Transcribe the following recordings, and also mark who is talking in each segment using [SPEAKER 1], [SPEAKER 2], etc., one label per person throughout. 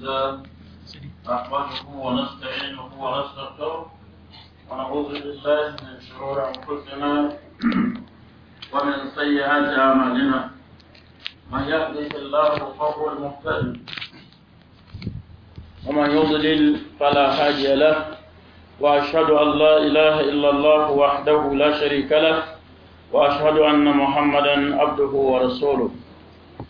[SPEAKER 1] نحمده ونستعينه ونستغفره ونعوذ بالله من شرور انفسنا ومن سيئات اعمالنا من يهده الله فهو المهتد ومن يضلل فلا هادي له واشهد ان لا اله الا الله وحده لا شريك له واشهد ان محمدا عبده ورسوله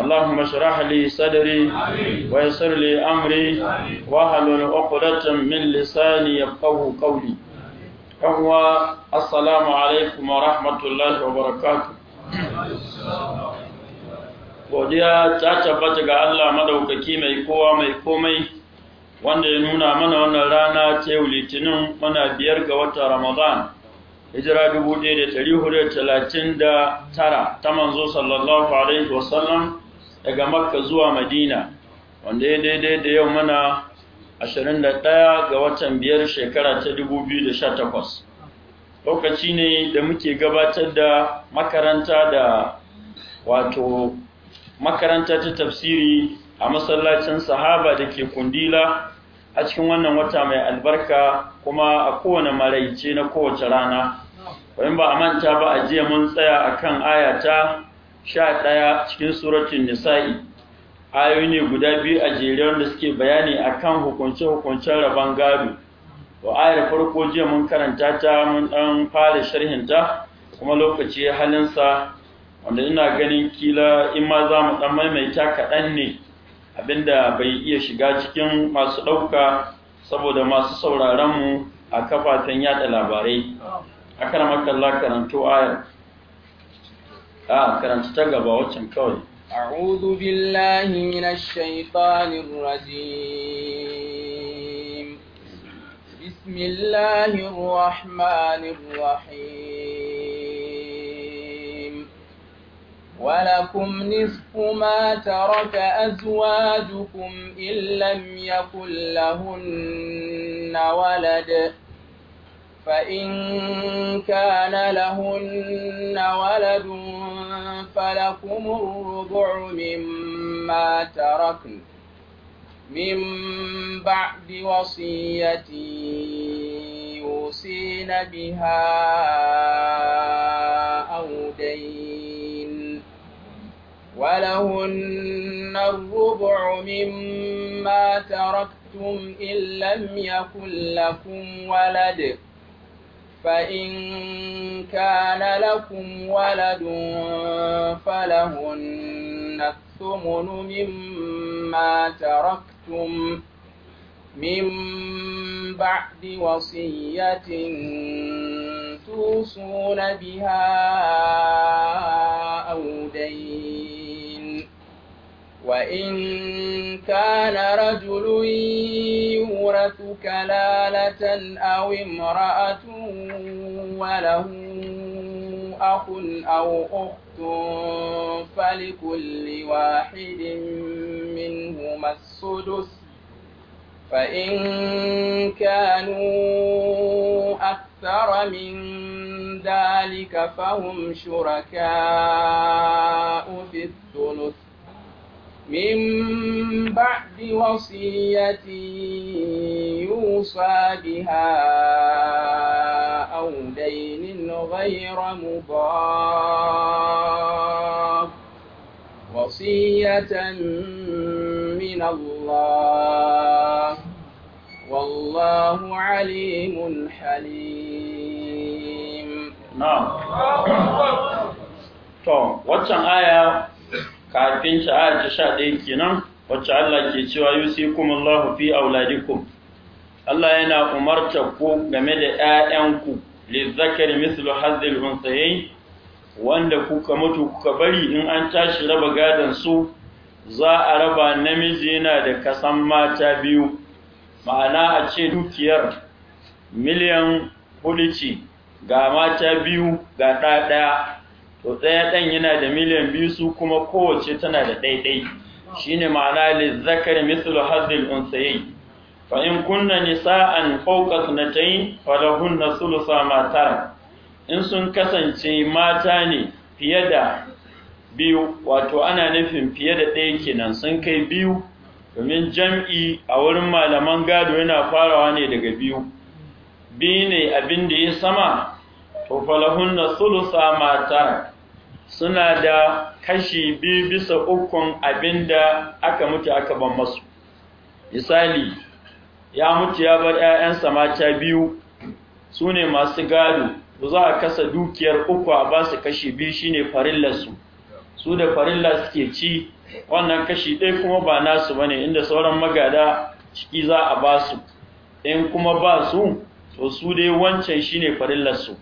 [SPEAKER 1] اللهم اشرح لي صدري ويسر لي أمري واحلل عقدة من لساني يفقهوا قولي هو السلام عليكم ورحمة الله وبركاته godiya ta tabbata ga Allah madaukaki mai kowa mai komai wanda ya nuna mana wannan rana ce litinin muna biyar ga wata Ramadan hijira tara ta manzo sallallahu alaihi wasallam daga makka zuwa madina wanda ya daidai da yau mana ashirin da ɗaya ga watan biyar shekara ta dubu biyu da sha takwas. lokaci ne da muke gabatar da makaranta da wato makaranta ta tafsiri a masallacin sahaba da ke kundila a cikin wannan wata mai albarka kuma a kowane maraice na kowace rana in ba a manta ba a jiya mun tsaya a kan aya ta 11 cikin suratul nisa'i ayoyi ne guda biyu a jere wanda suke bayani akan hukunce-hukuncen rabon gado wa ayar farko jiya mun karanta ta mun dan fara sharhin ta kuma lokaci halinsa wanda ina ganin kila in ma za mu dan maimaita kaɗan ne abinda bai iya shiga cikin masu ɗauka saboda masu sauraron mu a kafafen yaɗa labarai akramaka الله karanto تو آية karanta ta gaba waccan
[SPEAKER 2] أعوذ بالله من الشيطان الرجيم بسم الله الرحمن الرحيم ولكم نصف ما ترك أزواجكم إن لم يكن لهن ولد فإن كان لهن ولد فلكم الربع مما تركن من بعد وصية يوصين بها أو دين ولهن الربع مما تركتم إن لم يكن لكم ولد ۖ فإن كان لكم ولد فلهن الثمن مما تركتم من بعد وصية توصون بها وإن كان رجل يورث كلالة أو امرأة وله أخ أو أخت فلكل واحد منهما السدس فإن كانوا أكثر من ذلك فهم شركاء في الثلث من بعد وصية يوصى بها أو دين غير مضار وصية من الله والله عليم حليم نعم
[SPEAKER 1] kafin shi a sha ɗaya kenan wacce Allah ke cewa kuma Allah fi auladikum Allah yana umarta ku game da ‘ya'yanku, lizzakari mislu hazil unsayayi, wanda kuka mutu kuka bari in an tashi raba gadon su, za a raba namiji yana da kasan mata biyu, ma'ana a ce dukiyar miliyan hulici ga mata biyu ga ɗaya. to ɗaya ɗan yana da miliyan biyu su kuma kowace tana da ɗaiɗai shine ma'ana lizzakar mislu hazil unsayi fa in kunna nisa'an fawqa sunatayn fa thulutha sulusa tara in sun kasance mata ne fiye da biyu wato ana nufin fiye da ɗaya kenan sun kai biyu domin jam'i a wurin malaman gado yana farawa ne daga biyu biyu ne abin da ya sama to falahun na sulusa suna da kashi biyu bisa ukun abinda aka mutu aka ban masu misali ya mutu ya bar 'ya'yansa mata biyu su ne masu gado ba za a kasa dukiyar uku a ba su kashi biyu shine farillarsu su da farilla suke ci wannan kashi ɗaya kuma ba nasu ba bane inda sauran magada ciki za a ba su in kuma ba su to su dai wancan shine farillarsu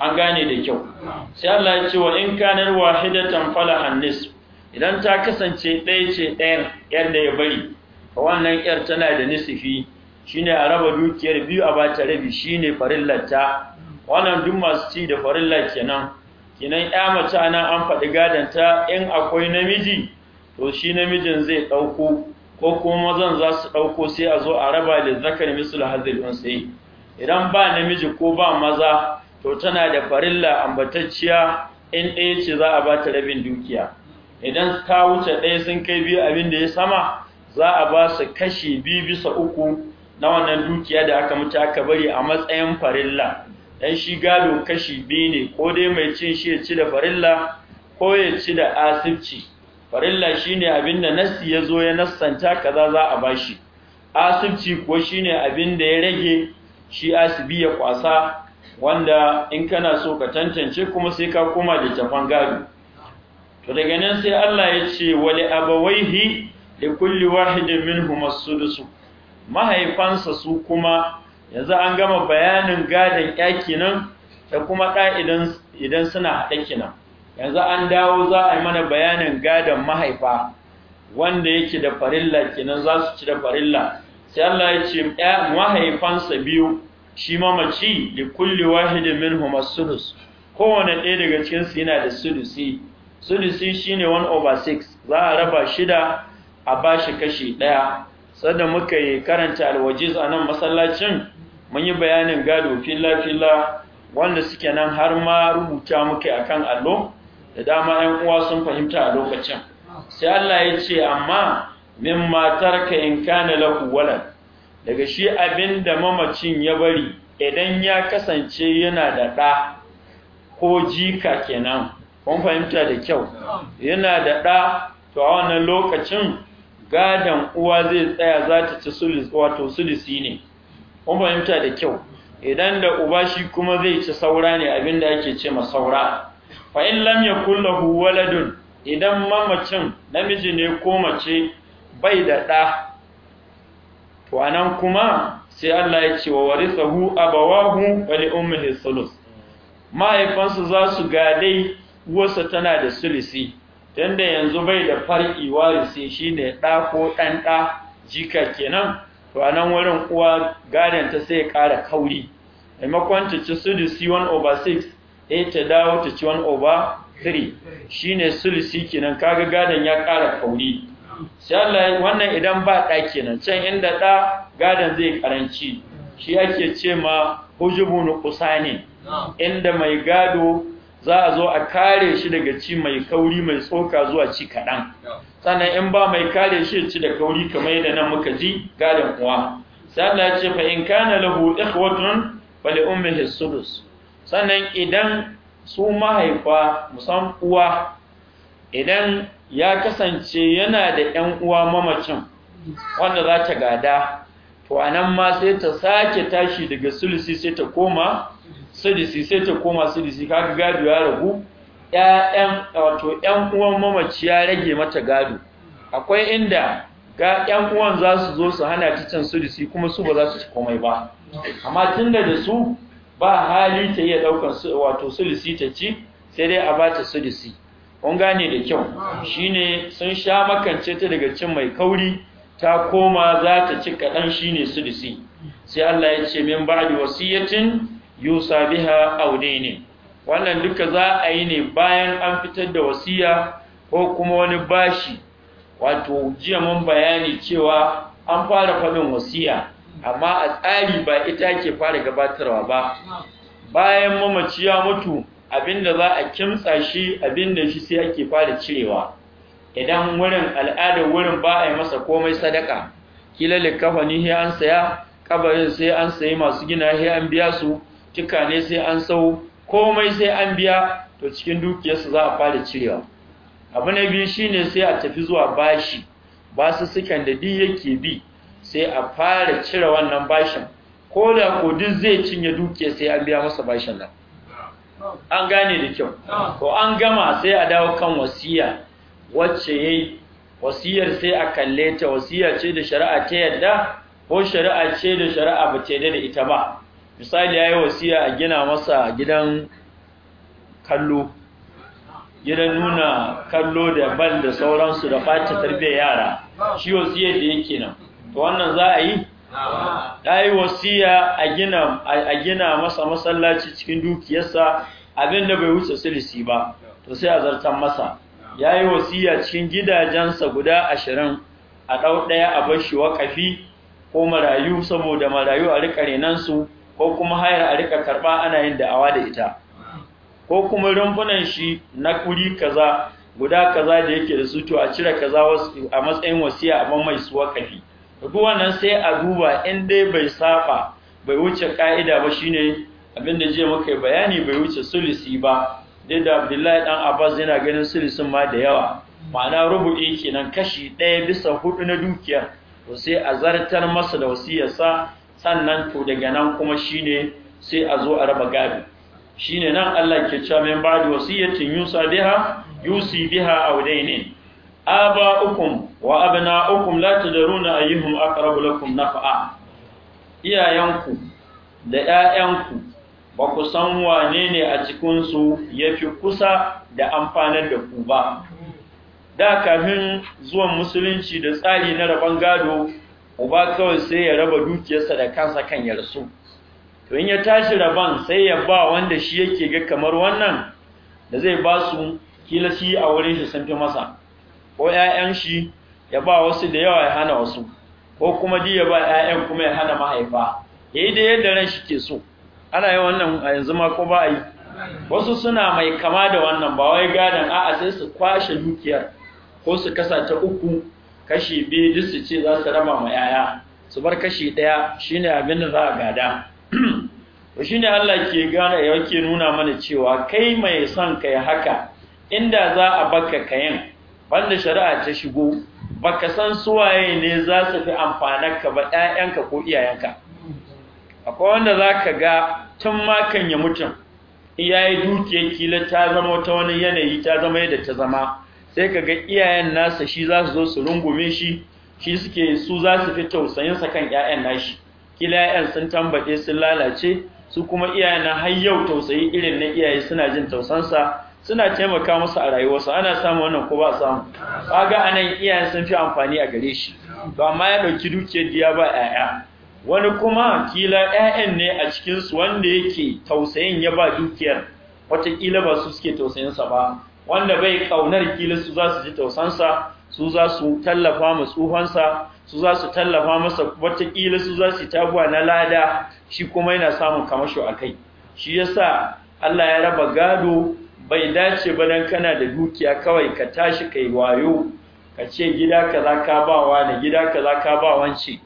[SPEAKER 1] an gane da kyau sai Allah ya ce wa in kanar wahidatan fala hannis idan ta kasance ɗaya ce ɗayan yar da ya bari wannan yar tana da nisifi shine a raba dukiyar biyu a bata rabi shine farillarta wannan duk masu ci da farilla kenan kenan ya mace nan an faɗi ta in akwai namiji to shi namijin zai ɗauko ko kuma mazan za su ɗauko sai a zo a raba da zakar misul hazil sai idan ba namiji ko ba maza to tana da farilla ambatacciya in ɗaya ce za a ba ta rabin dukiya idan ta wuce ɗaya sun kai biyu abin da ya sama za a ba su kashi biyu bisa uku na wannan dukiya da aka mutu aka bari a matsayin farilla dan shi gado kashi biyu ne ko dai mai cin shi ya ci da farilla ko ya ci da asibci farilla shine abin da nasi ya zo ya nassanta kaza za a ba shi. asibci kuwa shine abin da ya rage shi asibi ya kwasa wanda in kana so ka tantance kuma sai ka koma tafan gado to daga nan sai Allah ya ce wali abawaihi li kulli wahidin minhum as-sudus mahaifansa su kuma yanzu an gama bayanin gadon yaki nan da kuma ɗa idan suna haɗe kinan yanzu an dawo za a yi mana bayanin gadon mahaifa wanda yake da farilla kenan za su ci da farilla sai Allah ya ce mahaifansa biyu shi mamaci da kulli wahidin min as kowane ɗaya daga cikinsu yana da sudusi sudusi ne 1 over 6 za a raba shida a ba shi kashi ɗaya Sanda muka yi karanta alwajiz a nan masallacin mun yi bayanin gado fila-fila wanda suke nan har ma rubuta muka a kan allo da dama ‘yan uwa sun fahimta a lokacin sai Allah ya ce amma min matar ka in kane lahu walad daga shi abin da mamacin ya bari idan ya kasance yana da ɗa ko jika kenan kun fahimta da kyau yana da ɗa to a wannan lokacin gadon uwa zai tsaya za ta ci sulis wato sulisi ne kun fahimta da kyau idan da uba shi kuma zai ci saura ne abin da ake ce ma saura fa in lam yakul lahu waladun idan mamacin namiji ne ko mace bai da ɗa wa nan kuma sai Allah ya ce wa warisahu abawahu wa li ummihi sulus mahaifansu za su ga dai uwarsa tana da sulisi tunda yanzu bai da farki warisi shine ɗa ko ɗan ɗa jika kenan to nan wurin uwa gadon ta sai ƙara kauri maimakon ta ci sulisi 1 over 6 eh ta dawo ta ci 1 over 3 shine sulisi kenan kaga gadon ya ƙara kauri sai wannan idan ba ɗa kenan can inda ɗa gadon zai karanci shi ake ce ma hujubun ne, inda mai gado za a zo a kare shi daga ci mai kauri mai tsoka zuwa ci kaɗan sannan in ba mai kare shi ci da kauri kamar yadda nan muka ji gadon kuwa. sai Allah ce fa in kana lahu ikhwatun fali ummihi sudus sannan idan su mahaifa musan uwa idan ya kasance yana da ‘yan uwa mamacin wanda za ta gada, to a nan ma sai ta sake tashi daga sulisi sai ta koma, sulisi sai ta koma sulisi, kaga gado ya ragu, ‘yan uwan mamaci ya rage mata gado, akwai inda ga ‘yan uwan za su zo su hana ta can sulisi kuma su ba za su ci komai ba, amma tun da su ba hali ta iya ɗaukar wato sulisi ta ci, sai dai a ba ta sulisi. kun gane da kyau shine sun sha makance ta daga cin mai kauri ta koma za ta ci kaɗan shi ne su disi sai Allah ya ce min ba ba'di wasiyatin yusa biha aure ne. wannan duka za a yi ne bayan an fitar da wasiya ko kuma wani bashi wato jiya mun bayani cewa an fara faɗin wasiya amma a tsari ba ita ke fara gabatarwa ba bayan mamaci ya mutu abinda za a kimtsa shi abinda shi sai ake fara cirewa idan wurin al'adar wurin ba a yi masa komai sadaka kila ni sai an saya kabarin sai an sayi masu gina sai an biya su tuka ne sai an sau komai sai an biya to cikin dukiyarsu za a fara cirewa abu na biyu shine sai a tafi zuwa bashi basu sukan da duk yake bi sai a fara cire wannan bashin ko da ko duk zai cinye dukiyar sai an biya masa bashin nan an gane da kyau ko ah. an gama sai a dawo kan wasiya wacce yayi wasiyar sai a kalle ta wasiya ce da shari'a ta yadda ko shari'a ce da shari'a ba ta da ita ba misali yayi wasiya a gina masa gidan kallo gidan nuna kallo da bal da sauransu da fata tarbiyyar yara shi wasiyar da yake nan to wannan za a yi Ya yi wasiya a gina masa masallaci cikin dukiyarsa abinda bai wuce silisi ba to sai a zartan masa ya yi wasiya cikin gidajensa guda ashirin a ɗau ɗaya a bar shi waƙafi ko marayu saboda marayu a rika renansu ko kuma hayar a rika karɓa ana yin da'awa da ita ko kuma rumfunan shi na kuri kaza guda kaza da yake da su to a cire kaza a matsayin wasiya a mai su wakafi. duk nan sai a duba in dai bai saba bai wuce ka'ida ba shine abinda jiya muka yi bayani bai wuce sulisi ba dai da Abdullahi dan Abbas yana ganin sulisin ma da yawa ma'ana rubu'i kenan kashi ɗaya bisa hudu na dukiyar to sai a zartar masa da wasiyarsa sannan to daga nan kuma shine sai a zo a raba gabi shine nan Allah ke cewa min da wasiyatin yusa biha yusi biha aba'ukum wa abna'ukum la tadruna ayyuhum aqrabu lakum naf'a iyayanku da 'ya'yanku ba ku san wane ne a cikin su yafi kusa da amfanar da ku ba da kafin zuwan musulunci da tsari na rabon gado uba kawai sai ya raba dukiyarsa da kansa kan ya rasu to in ya tashi rabon sai ya ba wanda shi yake ga kamar wannan da zai ba su kila shi a wurin shi sun fi masa ko 'ya'yan shi ya ba wasu da yawa ya hana wasu ko kuma ji ya ba ƴaƴan kuma ya hana mahaifa yayi da yadda ran shi ke so ana yi wannan a yanzu ma ko ba a yi wasu suna mai kama da wannan ba wai gadan a'a sai su kwashe dukiyar ko su kasa ta uku kashi biyu duk su ce za su raba ma yaya su bar kashi ɗaya shine abin da za a gada to shine Allah ke gane yake nuna mana cewa kai mai son kai haka inda za a baka kayan wanda shari'a ta shigo baka san suwaye ne za su fi amfanarka ba ƴaƴanka ko iyayenka akwai wanda za ka ga tun makan ya mutum iyaye dukiyar kila ta zama ta wani yanayi ta zama yadda ta zama sai ka ga iyayen nasa shi za su zo su rungume shi shi suke su za su fi tausayinsa kan ƴaƴan nashi kila ƴaƴan sun tambaɗe sun lalace su kuma iyayen har yau tausayi irin na iyaye suna jin tausansa suna taimaka musu a rayuwarsu ana samu wannan ko ba samu kaga anan iyayen sun fi amfani a gare shi to amma ya ɗauki dukiyar diya ba yaya wani kuma kila yayan ne a cikin su wanda yake tausayin ya ba dukiyar watakila ba su suke tausayin ba wanda bai ƙaunar kila su za su ji tausansa su za su tallafa ma su za su tallafa masa watakila su za su tabuwa na lada shi kuma yana samun kamasho a kai shi yasa Allah ya raba gado bai dace ba dan kana da dukiya kawai ka tashi kai wayo ka ce gida kaza ka ba ne, gida kaza ka ba wance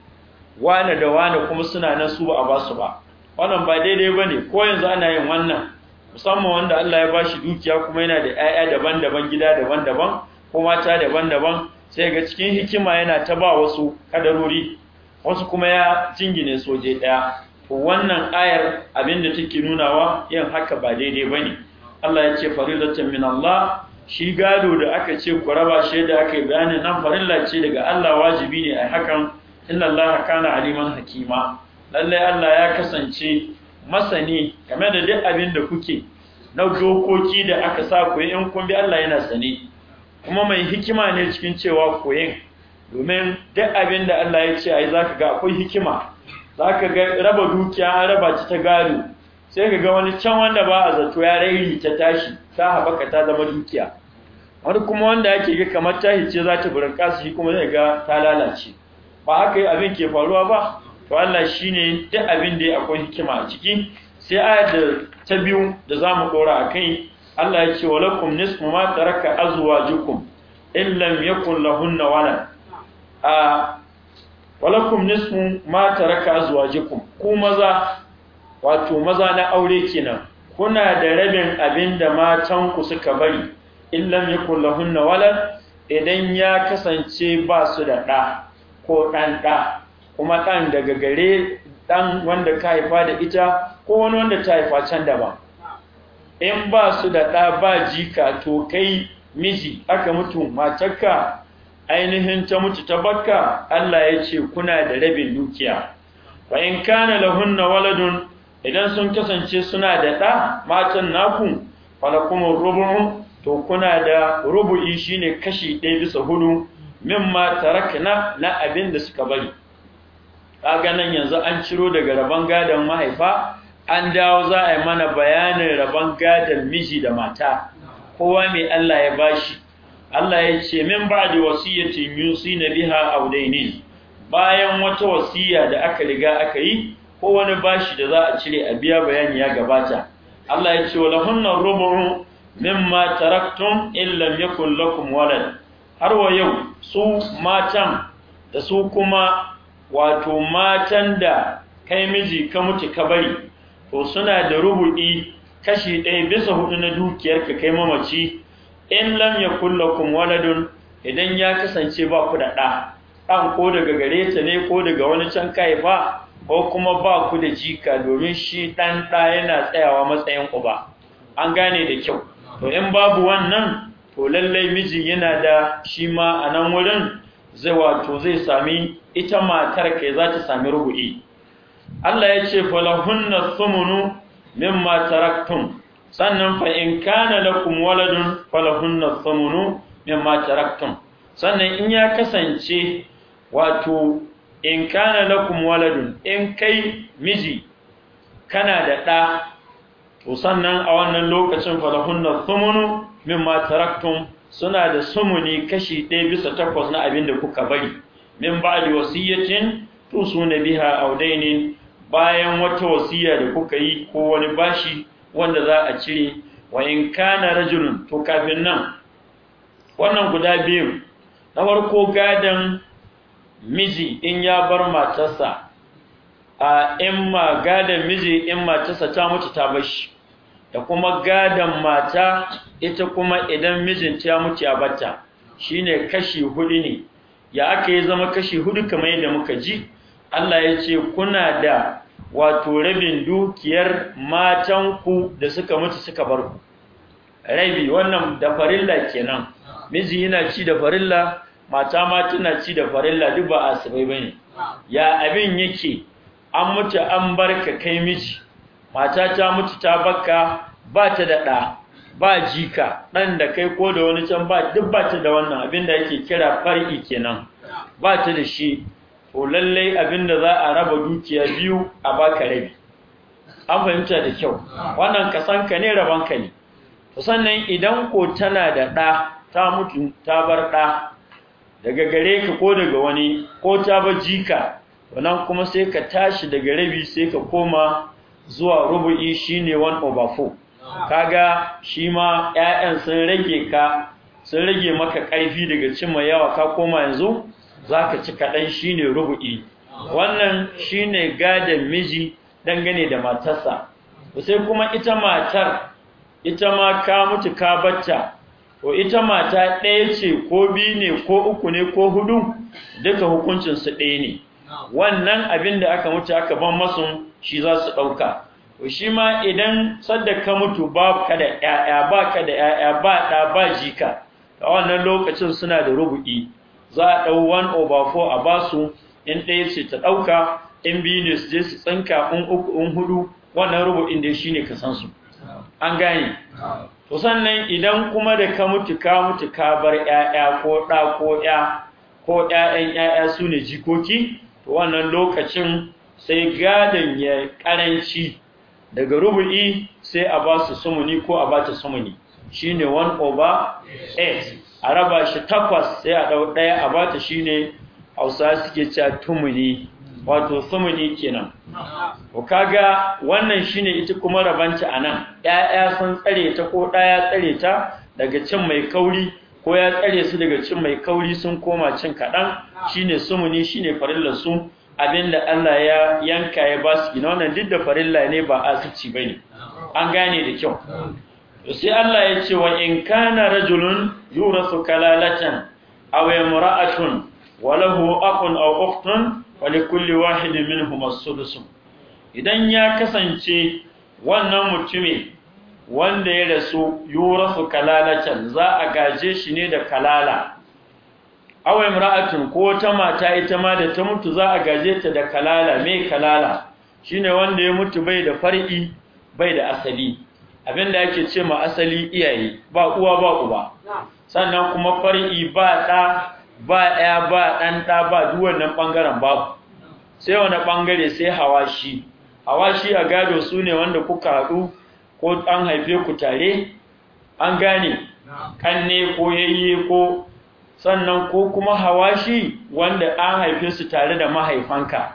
[SPEAKER 1] wane da wane kuma suna nan su ba a ba wannan ba daidai bane ko yanzu ana yin wannan musamman wanda Allah ya bashi dukiya kuma yana da 'ya'ya daban-daban gida daban-daban ko mata daban-daban sai ga cikin hikima yana ta ba wasu kadarori wasu kuma ya jingine soje ɗaya. to wannan ayar abinda take nunawa yin haka ba daidai bane Allah ya ce farilatan min Allah shi gado da aka ce ku raba shi da aka yi bayani nan farilla ce daga Allah wajibi ne a hakan inna Allah kana aliman hakima lallai Allah ya kasance masani game da duk abin da kuke na dokoki da aka sa ku in kun bi Allah yana sani kuma mai hikima ne cikin cewa koyin domin duk abin da Allah ya ce ai zaka ga akwai hikima zaka ga raba dukiya raba ta gado sai ka ga wani can wanda ba a zato ya rairi ta tashi ta haɓaka ta zama dukiya wani kuma wanda ake ga kamar ta ce za ta burin su shi kuma zai ga ta lalace ba haka yi abin ke faruwa ba to Allah shi ne duk abin da ya akwai hikima a ciki sai ayar da ta biyu da za mu ɗora a kai Allah ya ce wa lakum nisfu ma taraka azwajukum in lam yakun lahunna wala a walakum nisfu ma taraka azwajukum ku maza wato maza na aure kenan kuna da rabin abin da matanku suka bari illam yakul lahunna walad idan ya kasance ba su da ɗa ko ɗan ɗa kuma ɗan daga gare ɗan wanda ka haifa da ita ko wani wanda ta haifa can daban in ba su da ɗa ba jika to kai miji aka mutu matarka ainihin ta mutu ta bakka Allah ya ce kuna da rabin dukiya wa in kana lahunna waladun idan sun kasance suna da ɗa matan naku falakumun rubu'un to kuna da rubu'i shine kashi ɗaya bisa hudu ma tarakna na abin da suka bari kaga yanzu an ciro daga rabon gadon mahaifa an dawo za a yi mana bayanin rabon gadon miji da mata kowa mai Allah ya bashi Allah ya ce min ba ba'di wasiyatin yusina biha aw bayan wata wasiya da aka riga aka yi ko wani bashi da za a cire a biya bayani ya gabata Allah ya ce hunna rubu mimma taraktum in lam yakul lakum walad har wa yau su matan da su kuma wato matan da kai miji ka mutu ka bari to suna da rubudi kashi ɗaya bisa hudu na dukiyar ka kai mamaci in lam yakul lakum waladun idan ya kasance ba ku da ɗa ɗan ko daga gareta ne ko daga wani can kai ba ko kuma ba ku da jika domin shi ɗan ɗa yana tsayawa matsayin uba an gane da kyau to in babu wannan to lallai miji yana da shi ma a nan wurin zai wato zai sami ita matar kai za ta sami rubu'i Allah ya ce falahunna sumunu mimma taraktum sannan fa in kana lakum waladun falahunna sumunu mimma taraktum sannan in ya kasance wato in kana lakum waladun in kai miji kana da ɗa to sannan a wannan lokacin falahunna thumunu mimma taraktum suna da sumuni kashi ɗaya bisa takwas na abin da kuka bari min ba'di to tusuna biha aw dainin bayan wata wasiya da kuka yi ko wani bashi wanda za a cire wa in kana rajulun to kafin nan wannan guda biyu na farko gadan miji in ya bar matarsa a in ma gadan miji in matarsa ta mutu ta bar shi da kuma gadan mata ita kuma idan mijin ta mutu ya batta shine kashi hudu ne ya aka yi zama kashi hudu kamar yadda muka ji Allah ya ce kuna da wato rabin dukiyar matanku da suka mutu suka bar ku rabi wannan da farilla kenan miji yana ci da farilla mata ma tana ci da farilla duk ba a ba bane ya abin yake an mutu an barka kai miji mata ta mutu ta bakka ba ta da ɗa ba jika ɗan da kai ko da wani can ba duk ba ta da wannan abin da yake kira far'i kenan ba ta da shi to lallai abin da za a raba dukiya biyu a baka rabi an fahimta da kyau wannan kasanka ne ka ne to sannan idan ko tana da ɗa ta mutu ta bar ɗa daga gare ka ko daga wani ko ta ba jika wannan kuma sai ka tashi daga rabi sai ka koma zuwa rubu'i shine 1 over 4 kaga shi ma ƴaƴan sun rage ka sun rage maka ƙarfi daga cimma yawa ka koma yanzu zaka ci kaɗan shine rubu'i wannan shine gadon miji dangane da matarsa sai kuma ita matar ita ma ka mutu ka bacca ko ita mata ɗaya ce ko biyu ne ko uku ne ko hudu duka hukuncinsu ɗaya ne wannan abin da aka mutu aka ban masu shi za su ɗauka shi ma idan sadaka mutu ba ka da ‘ya'ya ba ka da ‘ya'ya ba ɗa ba jika a wannan lokacin suna da rubu'i za a ɗau 1 over 4 a basu in ɗaya ce ta ɗauka in biyu ne su je su tsinka in uku in hudu wannan rubu'in da shi ne ka san su an gane to sannan idan kuma da ka mutu ka mutu ka bar ƴaƴa ko ɗa ko ƴa ko ƴaƴan ƴaƴa su ne jikoki to wannan lokacin sai gadon ya ƙaranci daga rubu'i sai a ba su sumuni ko a ba ta sumuni shine 1 over 8 a raba shi takwas sai a ɗau ɗaya a ba ta shine hausa suke cewa tumuni wato samuni kenan ko kaga wannan shine ita kuma rabanta anan ƴaƴa sun tsare ta ko ɗaya tsare ta daga cin mai kauri ko ya tsare su daga cin mai kauri sun koma cin kaɗan shine sumuni shine farillar su abinda Allah ya yanka ya ba su gina wannan duk da farilla ne ba asirci bane an gane da kyau sai Allah ya ce wa in kana rajulun yurasu kalalatan aw imra'atun wa lahu akhun aw ukhtun walikulli wahidin minhum as-sudus idan ya kasance wannan mutumin wanda ya rasu yurasu kalalatan za a gaje shi ne da kalala aw imra'atun ko ta mata ita ma da ta mutu za a gaje ta da kalala me kalala shine wanda ya mutu bai da far'i bai da asali abinda yake ce ma asali iyaye ba uwa ba uba sannan kuma far'i ba ɗa ba ɗaya ba ɗan ɗa ba duk wannan ɓangaren babu sai wani ɓangare sai hawashi hawashi a gado su ne wanda kuka haɗu ko an haife ku tare an gane ƙanne ko yayye ko sannan ko kuma hawashi wanda an haife su tare da mahaifanka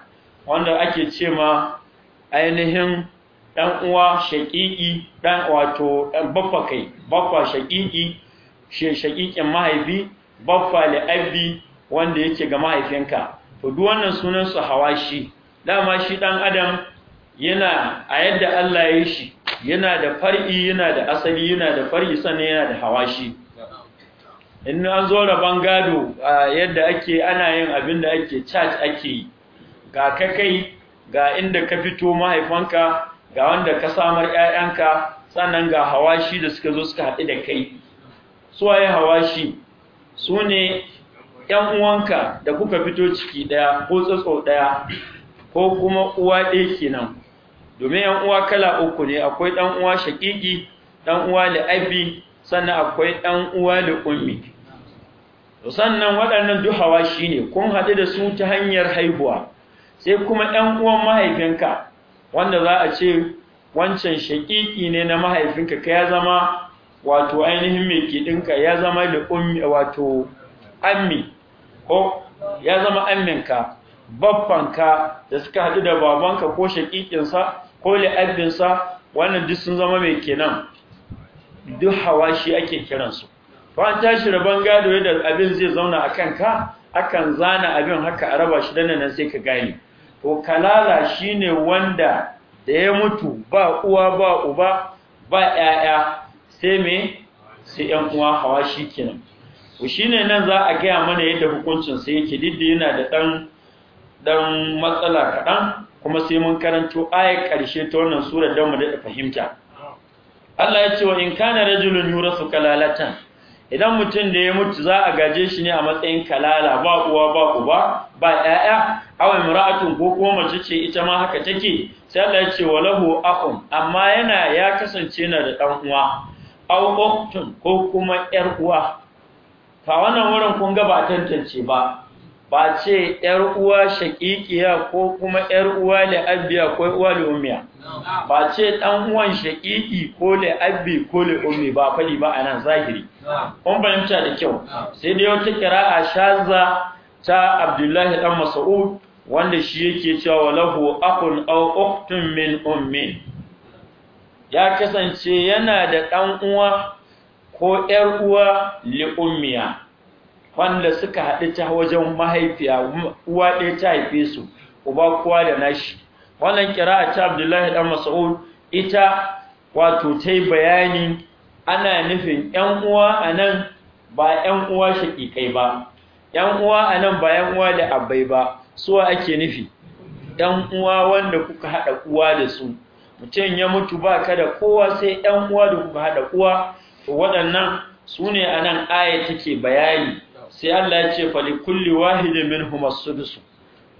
[SPEAKER 1] wanda ake ce ma ainihin ɗan uwa shaƙiƙi ɗan wato baffa kai baffa shaƙiƙi shaƙiƙin mahaifi baffa li abi wanda yake ga mahaifinka to duk wannan sunan su hawashi dama shi dan adam yana a yadda Allah ya yi shi yana da far'i yana da asali yana da far'i sannan yana da hawashi in an zo rabon gado yadda ake ana yin abin da ake charge ake yi ga ka kai ga inda ka fito mahaifanka ga wanda ka samar 'ya'yanka sannan ga hawashi da suka zo suka haɗu da kai suwaye hawashi su ne ‘yan uwanka da kuka fito ciki ɗaya ko tsotso ɗaya ko kuma uwa ɗaya kenan domin ‘yan uwa kala uku ne akwai ɗan uwa shaƙiƙi ɗan uwa li'abi sannan akwai ɗan uwa li'ummi sannan waɗannan duhawa shi ne kun haɗu da su ta hanyar haihuwa sai kuma 'yan uwan mahaifinka wanda za a ce wancan shaƙiƙi ne na mahaifinka ka ya zama wato ainihin mai ke ɗinka ya zama da wato ammi ko ya zama amminka babbanka da suka haɗu da babanka ko shaƙiƙinsa ko li'abinsa wannan duk sun zama mai kenan duk hawa shi ake kiransu to an tashi rabon gado yadda abin zai zauna a kanka akan zana abin haka a raba shi nan sai ka gane to kalala shine wanda da ya mutu ba uwa ba uba ba 'ya'ya sai me sai yan uwa hawa shikenan shi ne nan za a gaya mana yadda hukuncin sai yake didda yana da ɗan ɗan matsala kaɗan kuma sai mun karanto ayar ƙarshe ta wannan sura don mu daɗa fahimta Allah ya ce wa in kana rajulun yurasu kalalatan idan mutum da ya mutu za a gaje shi ne a matsayin kalala ba uwa ba uba ba ƴaƴa awai mura'atun ko kuma mace ce ita ma haka take sai Allah ya ce walahu akhun amma yana ya kasance yana da ɗan uwa aw ukhtun ko kuma yar uwa ta wannan wurin kun ga ba tantance ba ba ce yar uwa shaqiqiya ko kuma yar uwa li abiya ko uwa la'umiya. ba ce dan uwan shaqiqi ko li ko li ba faɗi ba anan zahiri kun fahimta da kyau sai dai wata a shazza ta Abdullahi dan Mas'ud wanda shi yake cewa lahu aqul aw ukhtun min ummin ya kasance yana da ɗan uwa ko ‘yar uwa li'ummiya wanda suka haɗu ta wajen mahaifiya uwa ɗaya ta haife su uba kuwa da nashi wannan kira'a ta abdullahi ɗan mas'ud ita wato ta bayani ana nufin ‘yan uwa a nan ba ‘yan uwa shaƙiƙai ba ‘yan uwa a nan ba ‘yan uwa da abai ba suwa ake nufi ‘yan uwa wanda kuka haɗa uwa da su mutum ya mutu ba ka da kowa sai ɗan uwa da kuka haɗa uwa waɗannan su ne a nan aya take bayani sai Allah ya ce fali kulli wahidi min huma sudusu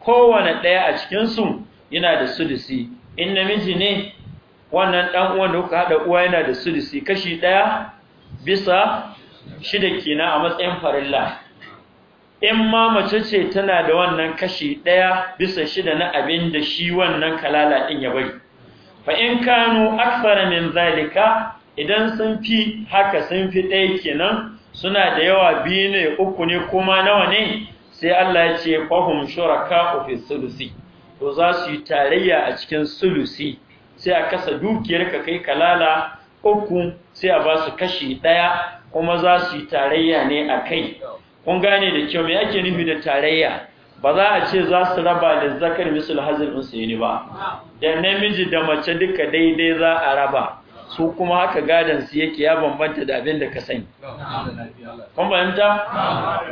[SPEAKER 1] kowane ɗaya a cikinsu yana da sudusi in namiji ne wannan ɗan uwan da kuka haɗa uwa yana da sudusi kashi ɗaya bisa shida kenan a matsayin farilla in ma mace ce tana da wannan kashi ɗaya bisa shida na abin da shi wannan kalala ɗin ya bari fa in kanu akthara min zalika idan sun fi haka sun fi ɗaya kenan suna da yawa biyu ne uku ne kuma nawa ne sai Allah ya ce fahum shuraka fi sulusi to za su yi tarayya a cikin sulusi sai a kasa dukiyar ka kai kalala uku sai a ba su kashi ɗaya kuma za su yi tarayya ne a kai kun gane da kyau me ake nufi da tarayya ba za a ce za su raba da zakar misul hazin yi ba da namiji da mace duka daidai za a raba su kuma haka gadon su yake ya bambanta da abin da ka sani kan bayanta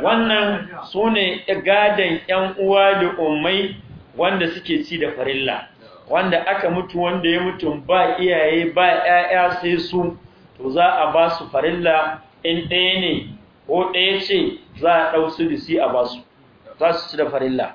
[SPEAKER 1] wannan su ne gadon yan uwa da ummai wanda suke ci da farilla wanda aka mutu wanda ya mutu ba iyaye ba ƴaƴa sai su to za a ba su farilla in ɗaya ne ko ɗaya ce za a ɗau su da si a ba su za su ci da farilla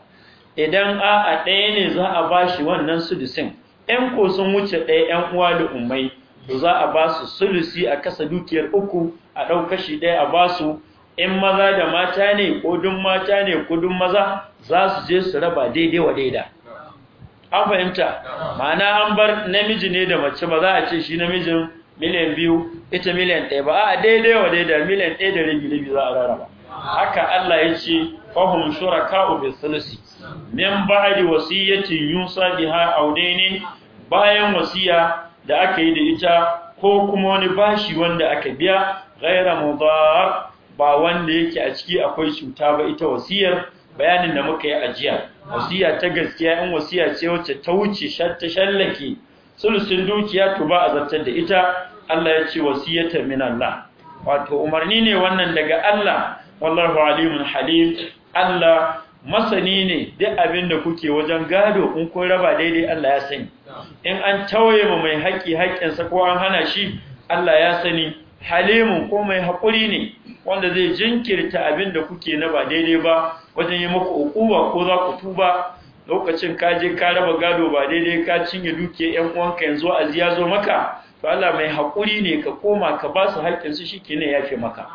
[SPEAKER 1] idan a ɗaya ne za a ba shi wannan sulusin ‘yan ko sun wuce ɗaya ‘yan uwa da umai to za a ba su sulusi a kasa dukiyar uku a ɗaukashi ɗaya a ba su 'yan maza da mata ne ko dun mata ne ko dun maza za su je su raba daidai wa daida an fahimta ma'ana an bar namiji ne da mace ba za a ce shi namijin miliyan biyu ita miliyan ɗaya ba a daidai wa daida miliyan ɗaya da rigi rigi za a rarraba haka Allah ya ce fahum shuraka'u fi thulusi min ba'di wasiyatin yusa biha aw dainin bayan wasiya da aka yi da ita ko kuma wani bashi wanda aka biya ghaira mudar ba wanda yake a ciki akwai cuta ba ita wasiyar bayanin da muka yi ajiya wasiya ta gaskiya in wasiya ce wacce ta wuce ta shallake sulusin dukiya to ba a zartar da ita Allah ya ce wasiyata min Allah wato umarni ne wannan daga Allah wallahu alimun halim Allah masani ne duk abin da kuke wajen gado in kun raba daidai Allah ya sani in an tawaye ma mai haƙi haƙƙinsa ko an hana shi Allah ya sani halimu ko mai haƙuri ne wanda zai jinkirta abin da kuke na ba daidai ba wajen yi muku uquba ko za ku tuba lokacin ka je ka raba gado ba daidai ka cinye dukiyar yan uwanka yanzu a ziya zo maka to Allah mai haƙuri ne ka koma ka ba su haƙƙin su shikenan yafe maka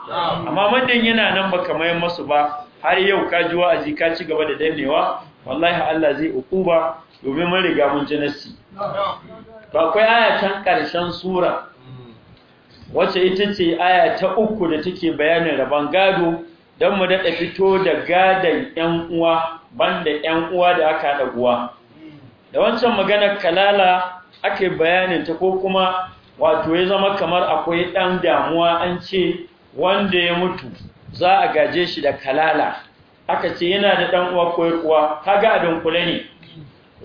[SPEAKER 1] amma mandin yana nan baka mayar masu ba har yau ka ji wa'azi ka ci gaba da dannewa wallahi Allah zai ukuba domin mun riga mun ji nasi akwai aya ta karshen sura wacce ita ce aya ta uku da take bayanin rabon gado dan mu dada fito da gadan ‘yan uwa banda ‘yan uwa da aka haɗa uwa da wancan maganar kalala aka bayanin ta ko kuma wato ya zama kamar akwai ɗan damuwa an ce wanda ya mutu za a gaje shi da kalala aka ce yana da ɗan uwa ko kuwa kaga a kula ne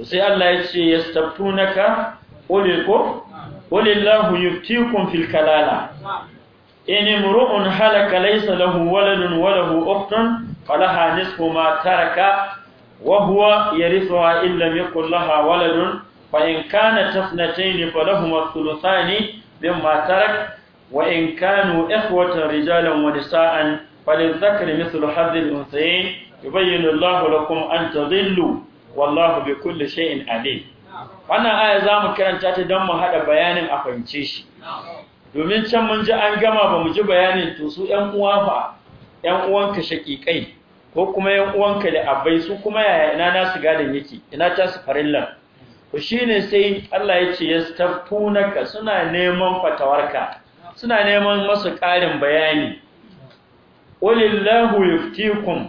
[SPEAKER 1] sai Allah ya ce yastaftunaka qul ko qul illahu yuftikum fil kalala in imru'un halaka laysa lahu waladun wa lahu ukhtun falaha nisfu ma taraka wa huwa yarithuha illa yakul laha waladun fa in kanat ithnatayn falahuma thuluthani bimma tarak wa in kanu ikhwatan rijalan wa nisaan فللذكر مثل حظ الأنثيين يبين الله لكم أن تضلوا والله بكل شيء عليم wannan aya za mu karanta ta don mu haɗa bayanin a fahimce shi domin can mun ji an gama ba mu ji bayanin to su ‘yan uwa ba ‘yan uwanka shaƙiƙai ko kuma ‘yan uwanka da abai su kuma yaya ina nasu gadon yake ina ta su farillan ku shi ne sai Allah ya ce ya staftunaka suna neman fatawarka suna neman masu ƙarin bayani qulillahu yuftikum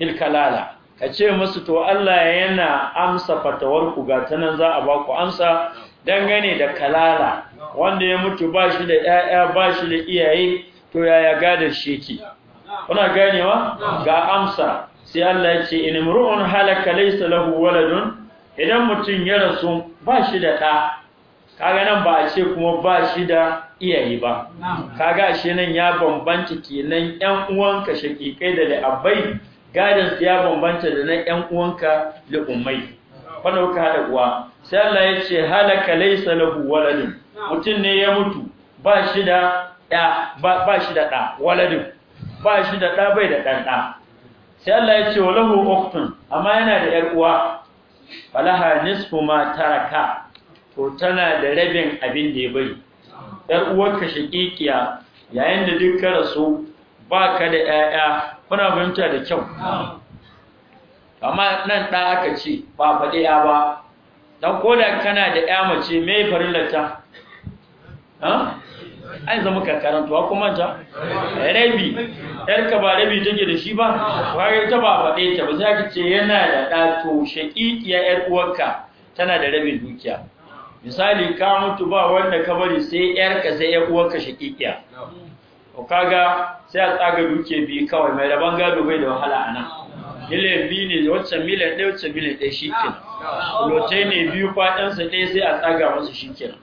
[SPEAKER 1] hilkalala ka ce musu to Allah ya yana amsa fatawar ku ga nan za a ba ku amsa dangane da kalala wanda ya mutu ba shi da 'ya'ya ba shi da iyaye to yaya gadar shi ke kuna ganewa ga amsa sai Allah ya ce in imru'un halaka laysa lahu waladun idan mutum ya rasu ba shi da ɗa kaga nan ba a ce kuma ba shi da iyaye ba kaga shi nan ya bambanta kenan 'yan uwanka shakikai da abai gadon ya bambanta da na 'yan uwanka la'ummai wanda kuka hada uwa sai Allah ya ce halaka laisa lahu waladun mutum ne ya mutu ba shi da ɗa ba shi da ɗa waladun ba shi da ɗa bai da ɗan ɗa sai Allah ya ce wa lahu uktun amma yana da ƴar uwa falaha nisfu ma taraka to tana da rabin abin da ya bari yar uwarka shaƙiƙiya yayin da duk ka rasu ba ka da 'ya'ya kuna fahimta da kyau amma nan ɗa aka ce ba faɗi ya ba don koda kana da 'ya mace mai farilata An zama ka kuma ta rabi yarka ba rabi take da shi ba kwaye ta ba faɗe ta ba za ka ce yana da ɗa shaƙiƙiya 'yar uwarka tana da rabin dukiya misali ka mutu ba wanda ka bari sai yarka sai ya uwarka shakikiya to kaga sai a tsaga duke bi kawai mai daban gado bai da wahala anan miliyan biyu ne wacce miliyan ɗaya wacce miliyan ɗaya shi kenan lote ne biyu faɗinsa ɗaya sai a tsaga masa shi kenan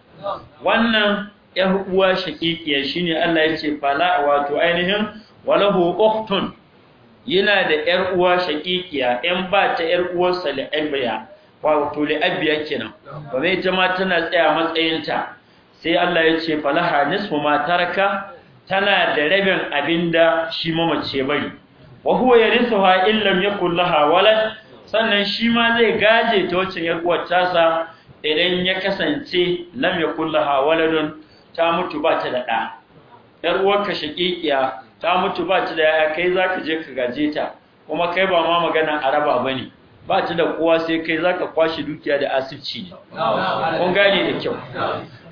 [SPEAKER 1] wannan 'yar uwa shakikiya shine Allah ya ce fala wato ainihin walahu uktun yana da ‘yar uwa shakikiya ‘yan ba ta ‘yar uwarsa da wato li'abiya kenan ba zai ta ma tana tsaya matsayinta sai Allah ya ce falaha nisfu ma taraka tana da rabin abinda shi mamace bari wa huwa yarithuha illam yakul laha walad sannan shi ma zai gaje ta wacce ya sa idan ya kasance lam yakul laha waladun ta mutu ba ta da ɗa yar uwarka shakiya ta mutu ba ta da ya kai zaka je ka gaje ta kuma kai ba ma magana araba bane ba ta da kowa sai kai za ka kwashe dukiya da asirci ne kun gane da kyau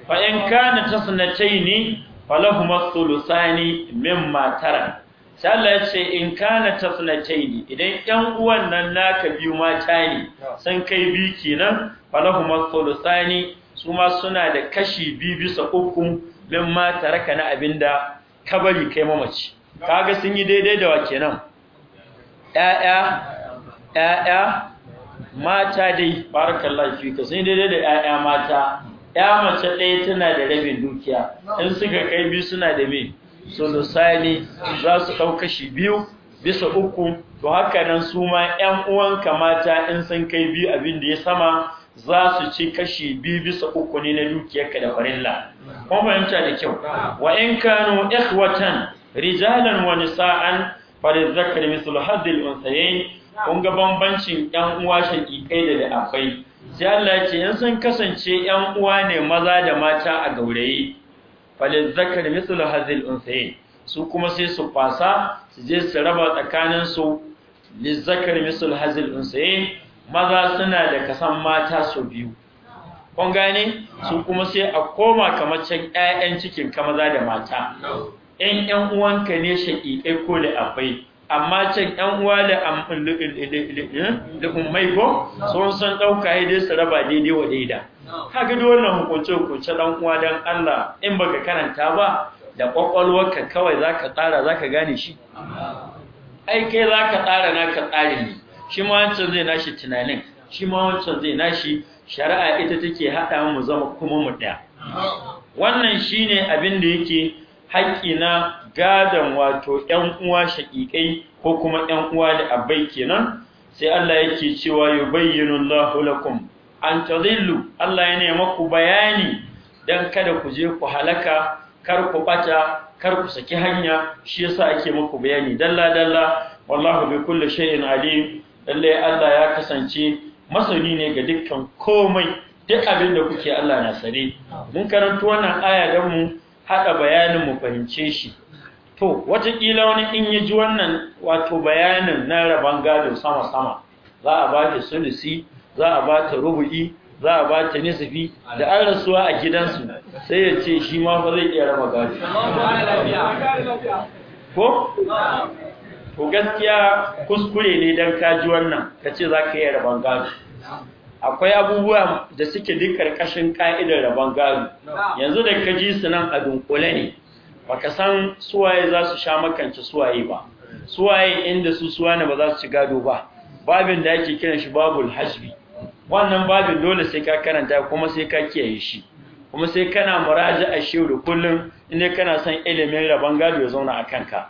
[SPEAKER 1] fa in kana tasnataini falahuma thulusani mimma min matara. sallah ya ce in kana ne idan yan uwan nan naka biyu mata ne san kai bi kenan falahuma thulusani su ma suna da kashi biyu bisa uku min matara ka na abin ka kabari kai mamaci kaga sun yi daidai da wa kenan Yaya. 'ya'ya mata dai barakallahu fika sun daidai da 'ya'ya mata ya mace ɗaya tana da rabin dukiya in suka kai biyu suna da me sulusani za su kashi biyu bisa uku to haka nan su ma 'yan uwanka mata in sun kai biyu abin da ya sama za su ci kashi biyu bisa uku ne na dukiyarka da farilla kuma fahimta da kyau wa in kanu ikhwatan rijalan wa nisa'an fa lizakari mithlu hadhihi al-unthayayn kun ga bambancin 'yan uwa shaƙiƙai da da'afai sai Allah ya ce in sun kasance 'yan uwa ne maza da mata a gauraye falil zakar mislu hazil unsayin su kuma sai su fasa su je su raba tsakanin su lizzakar hazil maza suna da kasan mata su biyu kun gane su kuma sai a koma kamar can ƴaƴan cikin ka maza da mata Yan 'yan uwanka ne shaƙiƙai ko da akwai. amma can yan uwa da ummai ko sun san ɗauka ya dai su raba daidai wa daida Ka duk wannan hukunci hukunci ɗan uwa don Allah in baka karanta ba da ka kawai za ka tsara za ka gane shi ai kai za ka tsara ka tsari ne shi ma wancan zai nashi tunanin shi ma wancan zai nashi shari'a ita take haɗa mu zama kuma mu ɗaya wannan shine abin da yake haƙƙi na gadon wato ‘yan uwa shaƙiƙai ko kuma ‘yan uwa da abai kenan sai Allah yake cewa yi bayyinu lakum an tazillu Allah ya nema ku bayani don kada ku je ku halaka kar ku ɓata kar ku saki hanya shi yasa ake maku bayani dalla dalla wallahu bi kulli shay'in alim lalle Allah ya kasance masani ne ga dukkan komai duk abin da kuke Allah na sare mun karanta wannan aya dan mu haɗa bayanin mu fahimce shi to watakila wani in ya ji wannan wato bayanin na rabon gado sama-sama za a ba ta sulusi za a ba ta rubu'i za a ba ta nisifi da an rasuwa a gidansu sai ya ce shi ma fa zai iya raba gado ko? ko gaskiya kuskure ne don ji wannan ka ce za ka iya raban gado akwai abubuwa da suke duk karkashin ka'idar rabon gado yanzu da kaji ji su nan a dunkule ne baka san suwaye za su sha makanci suwaye ba suwaye inda su suwane ba za su ci gado ba babin da ake kiran shi babul hajbi wannan babin dole sai ka karanta kuma sai ka kiyaye shi kuma sai kana muraja a da kullum inda kana son ilimin rabon gado ya zauna a kanka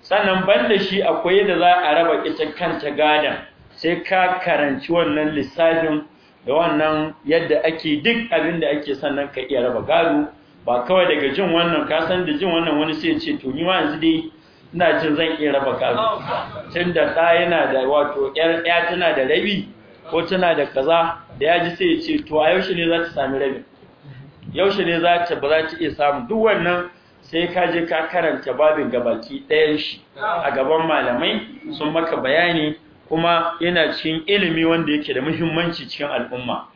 [SPEAKER 1] sannan banda shi akwai da za a raba ita kanta gadon sai ka karanci wannan lissafin da wannan yadda ake duk abin da ake sannan ka iya raba gado ba kawai daga jin wannan ka san da jin wannan wani sai ce to ni ma yanzu dai ina jin zan iya raba gado tun da ta yana da wato ƴar tana da rabi ko tana da kaza da ya ji sai ya ce to a yaushe ne za ta sami rabi? yaushe ne za ta ba za ta iya samu duk wannan sai ka je ka karanta babin gabaki ɗayan shi a gaban malamai sun maka bayani kuma yana cikin ilimi wanda yake da muhimmanci cikin al'umma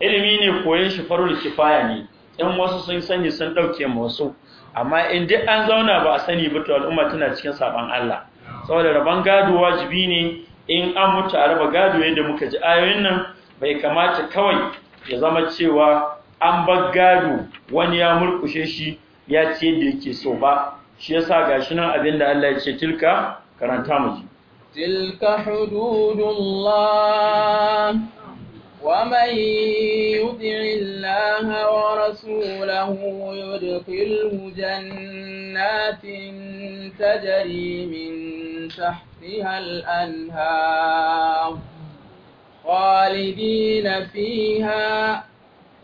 [SPEAKER 1] ilimi ne koyon shi farul kifaya ne yan wasu sun sani sun ɗauke ma wasu amma in duk an zauna ba a sani ba to al'umma tana cikin saban Allah saboda rabon gado wajibi ne in an mutu a raba gado yadda muka ji ayoyin nan bai kamata kawai ya zama cewa an bar gado wani ya murkushe shi ya ce yadda yake so ba shi yasa gashi nan abinda Allah ya ce tilka karanta mu ji
[SPEAKER 2] تلك حدود الله ومن يطع الله ورسوله يدخله جنات تجري من تحتها الأنهار خالدين فيها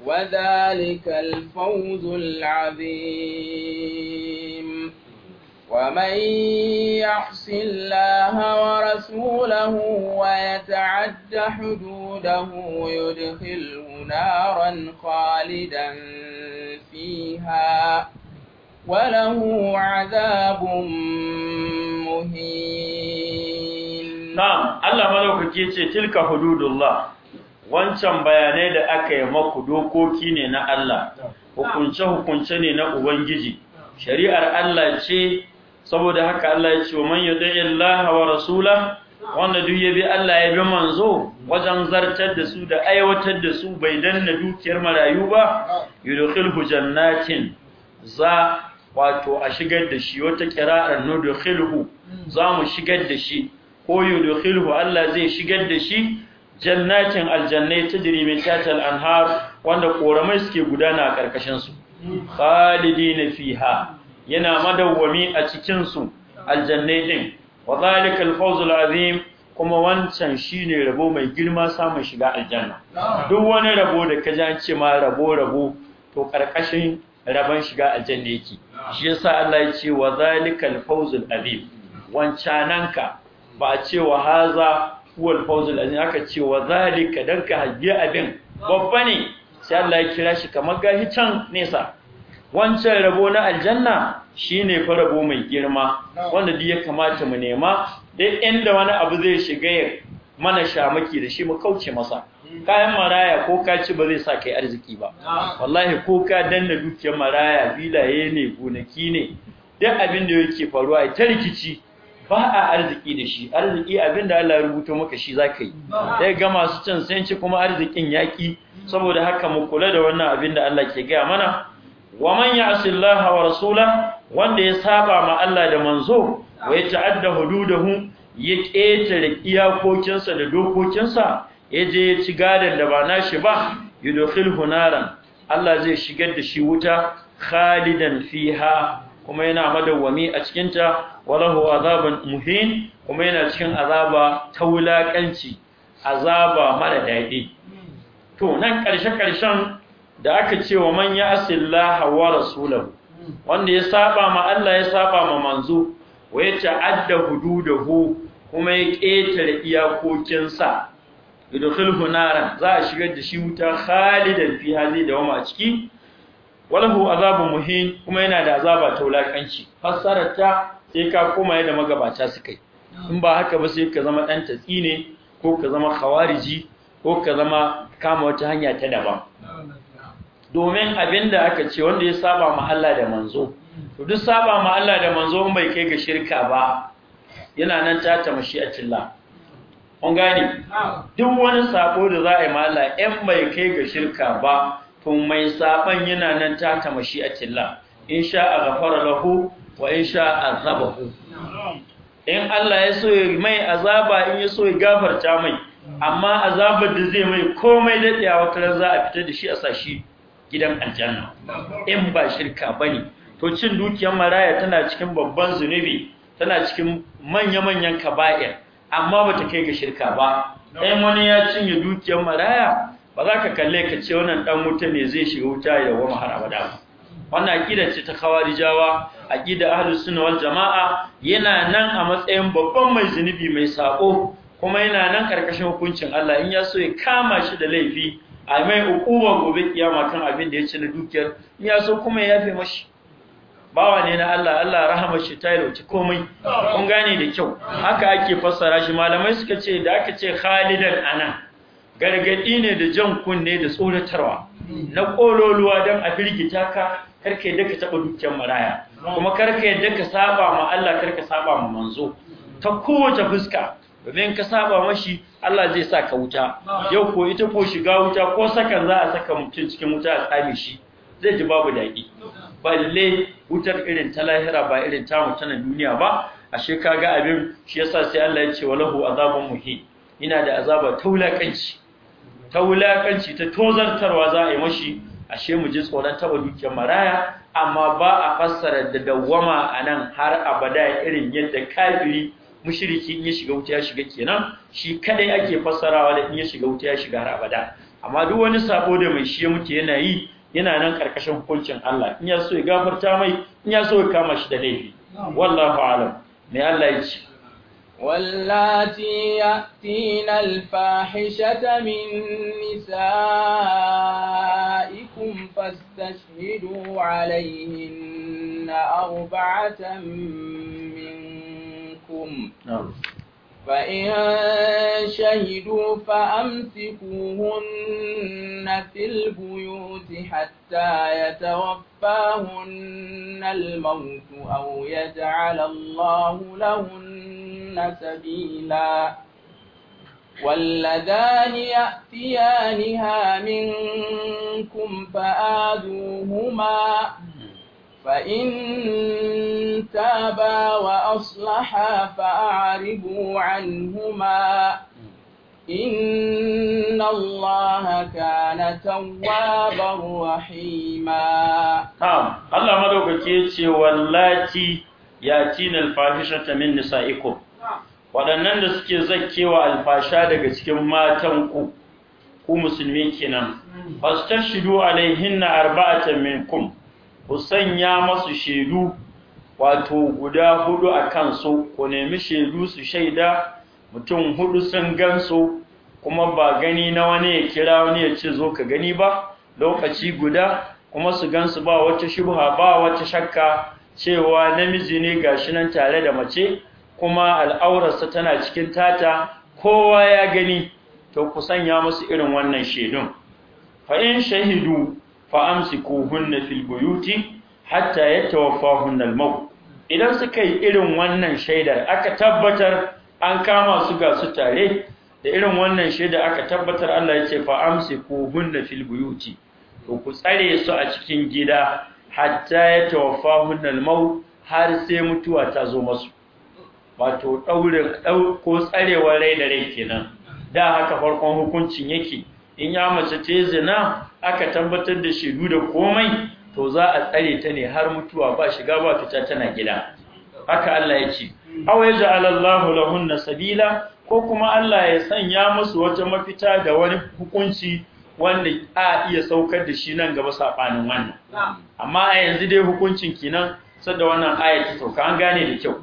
[SPEAKER 2] وذلك الفوز العظيم ومن يعص الله ورسوله ويتعد حدوده يدخله نارا خالدا فيها وله عذاب مهين نعم
[SPEAKER 1] الله ملوك كيتي تلك حدود الله wancan bayanai da aka yi maku dokoki ne na Allah hukunce hukunce ne na Ubangiji shari'ar Allah ce saboda haka Allah ya ce wa man yuti wa rasula wanda duk yabi Allah ya bi manzo wajen zartar da su da aiwatar da su bai danna dukiyar marayu ba yudkhilhu jannatin za wato a shigar da shi wata kira'ar nudkhilhu za mu shigar da shi ko yudkhilhu Allah zai shigar da shi jannatin aljannai tajri min tahtiha anhar wanda koramai suke gudana a karkashin su khalidina fiha yana madawwami a cikin su aljannai din wa zalika alfawzul azim kuma wancan shine rabo mai girma samun shiga aljanna duk wani rabo da ka ji ce ma rabo rabo to karkashin rabon shiga aljanna yake shi yasa Allah ya ce wa zalika alfawzul azim wancananka ba a ce wa haza huwa alfawzul azim aka ce wa zalika dan ka hajji abin babba ne sai Allah ya kira shi kamar gahi can nesa wancan rabo na aljanna shine fa rabo mai girma wanda duk ya kamata mu nema duk inda wani abu zai shiga ya mana shamaki da shi mu kauce masa hmm. kayan maraya ko ka ci ba zai sa kai arziki ba wallahi ko ka danna dukiyar maraya bilaye ne gonaki ne duk abin da yake faruwa ita rikici ba a arziki da shi arziki abin da Allah ya rubuta maka shi zaka yi sai ga masu cin sai kuma arzikin yaki saboda haka mu kula da wannan abin da Allah ke gaya mana wa man ya'si Allah wa rasulahu wanda ya saba ma Allah da manzo wa ya ta'adda hududahu ya ƙetare iyakokinsa da dokokinsa ya je ya ci gadan da ba na shi ba yudkhilhu naran Allah zai shigar da shi wuta khalidan fiha kuma yana madawwami a cikin ta walahu azaban muhin kuma yana cikin azaba ta wulaƙanci, azaba mara daɗi to nan ƙarshe ƙarshen da aka ce wa man ya Allah wa rasulahu wanda ya saba ma Allah ya saba ma manzo wa ya ta'adda hududahu kuma ya ƙetare iyakokinsa idkhilhu hunara za a shigar da shi wuta khalidan fiha zai wama a ciki walahu azabun muhin kuma yana da azaba ta wulakanci ta sai ka koma yadda magabata sukai kai, in ba haka ba sai ka zama dan tatsi ne ko ka zama khawariji ko ka zama kama wata hanya ta daban domin abin da aka ce wanda ya saba ma Allah da manzo to duk saba ma Allah da manzo in bai kai ga shirka ba yana nan ta ta cilla kun gane duk wani sabo da za a yi ma Allah in bai kai ga shirka ba to mai saban yana nan ta ta cilla in sha a ghafara lahu wa in sha azabahu in Allah ya so ya mai azaba in ya so ya gafarta mai amma azabar da zai mai komai daɗewa wata za a fitar da shi a sashi gidan aljanna in ba shirka bane to cin dukiyar maraya tana cikin babban zunubi tana cikin manya-manyan kaba'ir amma bata kai ga shirka ba In wani ya cinye dukiyar maraya ba za ka kalle ka ce wannan dan wuta ne zai shiga wuta ya wama har abada ba wannan aƙida ce ta jawa, aƙida ahlus sunna wal jama'a yana nan a matsayin babban mai zunubi mai sako kuma yana nan karkashin hukuncin Allah in ya so ya kama shi da laifi a mai hukumar gobe kiyama kan abin da ya ce na dukiyar in ya so kuma ya yafe mashi bawa ne na Allah Allah rahamar shi ta dauki komai kun gane da kyau haka ake fassara shi malamai suka ce da aka ce khalidan anan gargadi ne da jan kunne da tsoratarwa na kololuwa don a firgita ka karka yadda ka taba dukiyar maraya kuma karka yadda ka saba ma Allah karka saba ma manzo ta kowace fuska domin ka saba mashi Allah zai sa ka wuta yau ko ita ko shiga wuta ko sakan za a saka mutum cikin wuta a tsame shi zai ji babu daɗi balle wutar irin ta lahira ba irin ta mutu na duniya ba ashe kaga abin shi yasa sai Allah ya ce walahu azabun muhi ina da azaba taulakanci taulakanci ta tozartarwa za a yi mashi ashe mu ji tsoron taba dukiyar maraya amma ba a fassara da dawwama a nan har abada irin yadda kafiri Mushiriki in ya shiga wuta ya shiga kenan shi kadai ake fassarawa da in ya shiga wuta ya shiga har abada amma duk wani sabo da mai shi ya mutu yana yi yana nan karkashin hukuncin Allah in ya so ya gafarta mai in ya so ya kama shi da laifi wallahu alam mai Allah ya ce
[SPEAKER 2] واللاتي يأتين الفاحشة من نسائكم فاستشهدوا عليهن أربعة منكم نعم فإن شهدوا فأمسكوهن في البيوت حتى يتوفاهن الموت أو يجعل الله لهن سبيلا واللذان يأتيانها منكم فآذوهما فإن تابا وأصلحا فأعرضوا عنهما إن الله كان توابا رحيما
[SPEAKER 1] نعم الله مدوك كيتي واللاتي يأتين الفاحشة من نسائكم waɗannan da suke zakkewa alfasha daga cikin matan ku musulmi kenan fastashidu na arba'atan minkum ku sanya masu shaidu wato guda hudu a kansu ku nemi shaidu su shaida mutum hudu sun gansu kuma ba gani na wani ya kira wani ya ce zo ka gani ba lokaci guda kuma su gansu ba wata shubha ba wata shakka cewa namiji ne gashi nan tare da mace kuma al'aurarsa tana cikin tata kowa ya gani to ku sanya musu irin wannan shaidun fa in shahidu فأمسكوهن hatta البيوت حتى يتوفاهن الموت idan suka yi irin wannan shaidar aka tabbatar an kama su ga su tare da irin wannan shaidar aka tabbatar Allah ya ce fa amsikuhunna fil to ku tsare su a cikin gida hatta ya tawaffahunna al har sai mutuwa ta zo masu wato ko tsarewa rai da rai kenan da haka farkon hukuncin yake in ya mace ce zina aka tabbatar da shaidu da komai to za a tsare ta ne har mutuwa ba shiga ba fita tana gida haka Allah ya ce aw Alallahu lahunna sabila ko kuma Allah ya sanya musu wata mafita da wani hukunci wanda a iya saukar da shi nan gaba sabanin wannan amma a yanzu dai hukuncin kenan da wannan aya ta sauka an gane da kyau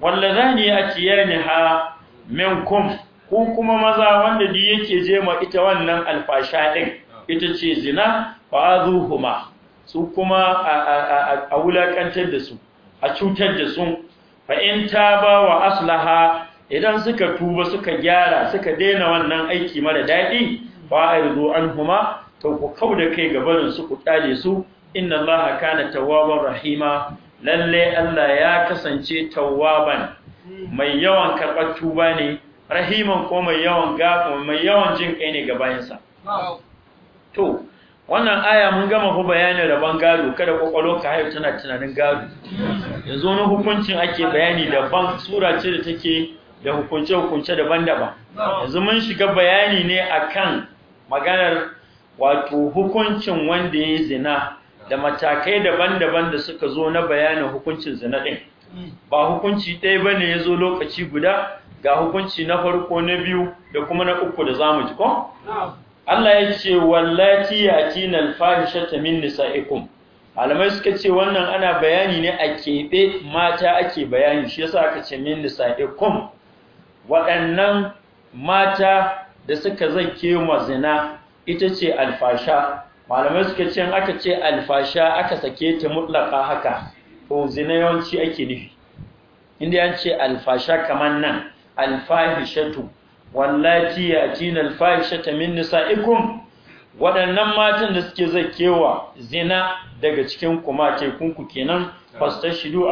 [SPEAKER 1] wallazani ha minkum ko kuma maza wanda duk yake je ma ita wannan alfasha din ita ce zina fa'azuhuma su kuma a wulakantar da su a cutar da su fa in ba wa aslaha idan suka tuba suka gyara suka daina wannan aiki mara daɗi fa'aridu anhuma to ku kauda kai gabanin su ku kyale su inna allaha kana tawwabar rahima lalle Allah ya kasance tawwaban mai yawan karɓar tuba ne rahiman ko mai yawan mai yawan jin kai ne ga bayansa to wannan aya mun gama ku bayanin rabon gado kada kwakwalon ka haihu tana tunanin gado yanzu wani hukuncin ake bayani daban sura ce da take da hukunce hukunce daban-daban yanzu mun shiga bayani ne a kan maganar wato hukuncin wanda ya zina da matakai daban-daban da suka zo na bayanin hukuncin zina ɗin. ba hukunci ɗaya bane ya zo lokaci guda ga hukunci na farko na biyu da kuma na uku da zamu ji ko Allah ya ce wallati yatina alfahishata min nisaikum malamai suka ce wannan ana bayani ne a keɓe mata ake bayani shi yasa aka ce min nisaikum waɗannan mata da suka zake mazina ita ce alfasha malamai suka ce aka ce alfasha aka sake ta mutlaka haka to zina yawanci ake nufi inda ce alfasha kamar nan alfahishatu wallaci ya alfahisha ta min nisa'ikum waɗannan matan da suke zakewa zina daga cikin kuma ce ku kenan fastashidu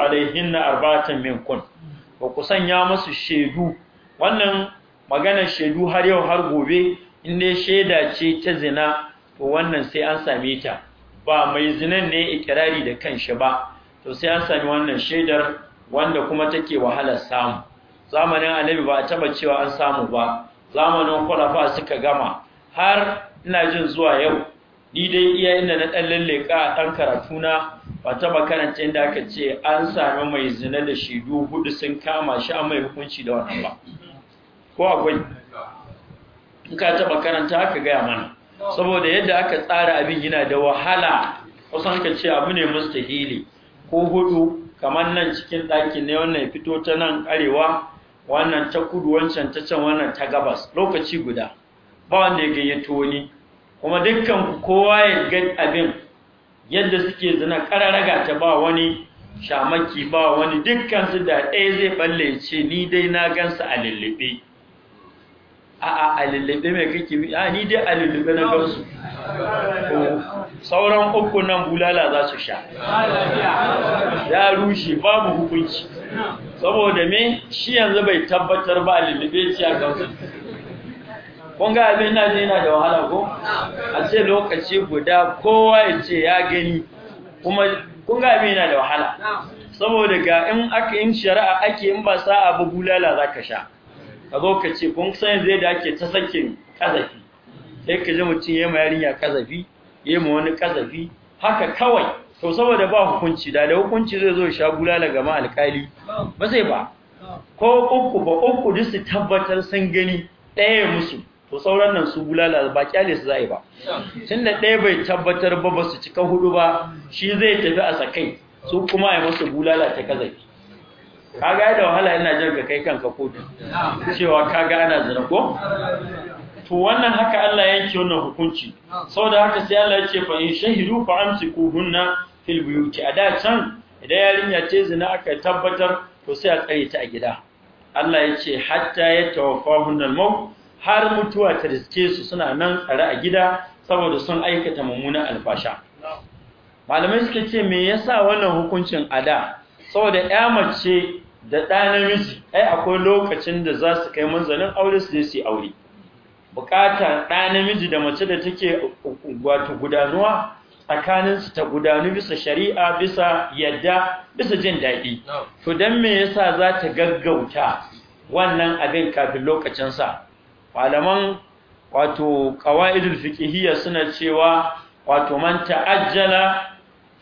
[SPEAKER 1] na arba'atan minkun ba ku sanya masu shaidu wannan maganar shaidu har yau har gobe inda ya shaida ce ta zina to wannan sai an same ta ba mai zinan ne ikirari da kanshi ba to sai an sami wannan shaidar wanda kuma take wahalar samu zamanin annabi ba a taba cewa an samu ba zamanin kwalafa suka gama har ina jin zuwa yau ni dai iya inda na ɗan lalleka a ɗan karatuna ba taba karanta inda aka ce an sami mai zina da shaidu hudu sun kama shi an mai hukunci da wannan ba ko akwai in ka taba karanta aka gaya mana saboda yadda aka tsara abin yana da wahala kusan ka ce abu ne mustahili ko hudu kamar nan cikin ɗakin ne wannan fito ta nan arewa wannan ta kudu wancan ta can wannan ta gabas lokaci guda ba wanda ya gayyato wani kuma dukkan kowa ya ga abin yadda suke zina kararraga ta ba wani shamaki ba wani dukkan su da ɗaya zai balle ce ni dai na gansa a lullube a'a a lullube mai kake bi a ni dai a lullube na gansu sauran uku nan bulala za su sha ya rushe babu hukunci saboda me shi yanzu bai tabbatar ba a ci a gamsu kun ga abin na yana da wahala ko a ce lokaci guda kowa ya ce ya gani kuma kun ga abin yana da wahala saboda ga in aka yin shari'a ake in ba sa abu bulala za ka sha a zo ka ce kun san zai da ake ta sakin kazafi sai ka ji mutum ya ma yarinya kazafi ya ma wani kazafi haka kawai to saboda ba hukunci da da hukunci zai zo sha bulala ga ma alƙali ba zai ba ko uku ba uku duk su tabbatar san gani ɗaya musu to sauran nan su bulala ba kyale su zai ba tunda ɗaya bai tabbatar ba ba su cika hudu ba shi zai tafi a sakai su kuma ya musu bulala ta kaza kaga yadda wahala ina jin ka kai kanka kotu cewa kaga ana zira ko to wannan haka Allah yanke wannan hukunci saboda haka sai Allah ya ce fa in shahidu fa amsikuhunna fil a da can idan yarinya ce zina aka tabbatar to sai a tsare ta a gida Allah ya ce hatta ya tawaffahun al mau har mutuwa ta riske su suna nan tsare a gida saboda sun aikata mummunan albasha." malamai suka ce me yasa wannan hukuncin ada saboda ya mace da ɗa namiji ai akwai lokacin da za su kai manzanin aure su je su yi aure bukatar ɗa namiji da mace da take wato gudanuwa tsakaninsu ta gudanu bisa shari'a bisa yadda bisa jin daɗi to don me yasa za ta gaggauta wannan abin kafin lokacinsa malaman wato qawaidul fiqhiyya suna cewa wato man ta'ajjala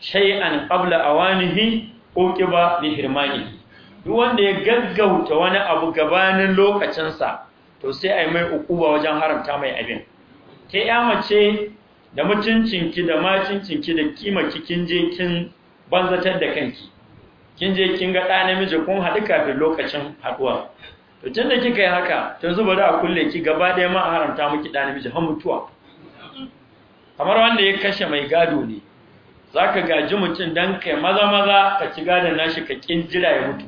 [SPEAKER 1] shay'an qabla awanihi uqiba bi hirmani duk wanda ya gaggauta wani abu gabanin lokacinsa to sai ai mai ukuba wajen haramta mai abin Ta ya mace da mutuncinki da macincinki da kima kin je kin banzatar da kanki kin je kin ga ɗa namiji kun haɗu kafin lokacin haɗuwa to tun da kika yi haka to zuba da a kulle ki gaba ɗaya ma a haramta miki ɗa namiji har mutuwa kamar wanda ya kashe mai gado ne za ka gaji mutum don kai maza maza ka ci gadon nashi ka kin jira ya mutu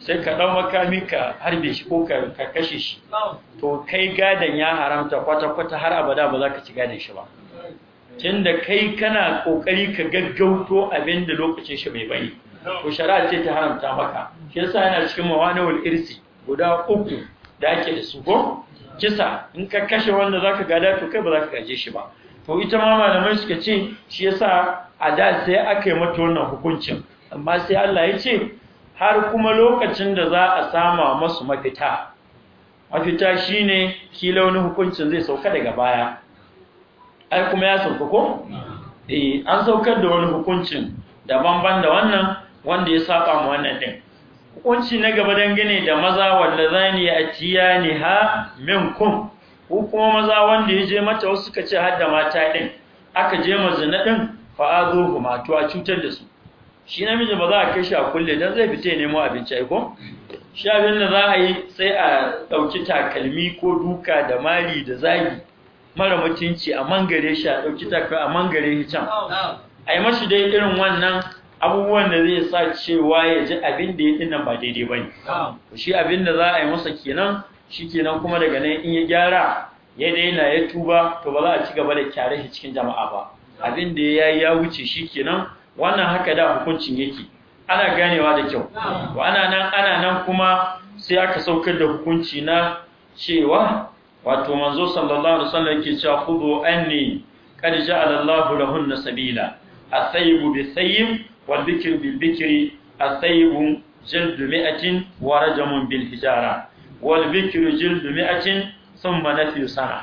[SPEAKER 1] sai ka ɗau makami ka harbe shi ko ka kashe shi to kai gadon ya haramta kwata-kwata har abada ba za ka ci gadon shi ba tunda kai kana kokari ka gaggauto abin da lokacin shi bai bai ko shari'a ce ta haramta maka shi yasa yana cikin mawanawul irsi guda uku da ake da su ko kisa in ka kashe wanda zaka gada to kai ba zaka gaje shi ba to ita ma malamai suka ce shi yasa a da sai aka yi mata wannan hukuncin amma sai Allah ya ce har kuma lokacin da za a sama masu mafita mafita shine kila wani hukuncin zai sauka daga baya ai kuma ya sauka ko eh an saukar da wani hukuncin daban-ban da wannan wanda ya saba mu wannan din hukunci na gaba dangane da maza wanda zani ya ciya ni ha minkum ko kuma maza wanda ya je mata wasu suka ce har da mata din aka je zina din fa a zo kuma to a cutar da su shi namiji ba za a kai shi a kulle dan zai fita nemo abinci ai ko shi abin da za a yi sai a dauki takalmi ko duka da mali da zagi mara mutunci a mangare shi a ɗauki taka a mangare shi can a yi mashi dai irin wannan abubuwan da zai sa cewa ya ji abin da ya dinnan ba daidai ba ne shi abin da za a yi masa kenan shi kuma daga nan in ya gyara ya daina ya tuba to ba za a ci gaba da kyare shi cikin jama'a ba abin da ya ya wuce shi kenan wannan haka da hukuncin yake ana ganewa da kyau wa ana nan ana nan kuma sai aka saukar da hukunci na cewa wato manzo sallallahu alaihi wasallam yake cewa khudu anni qad ja'ala Allahu lahunna sabila as-sayyib bis-sayyib wal bikr bil-bikr as-sayyib جلد مئة ورجم بالحجارة والبكر جلد مئة ثم نفي سنة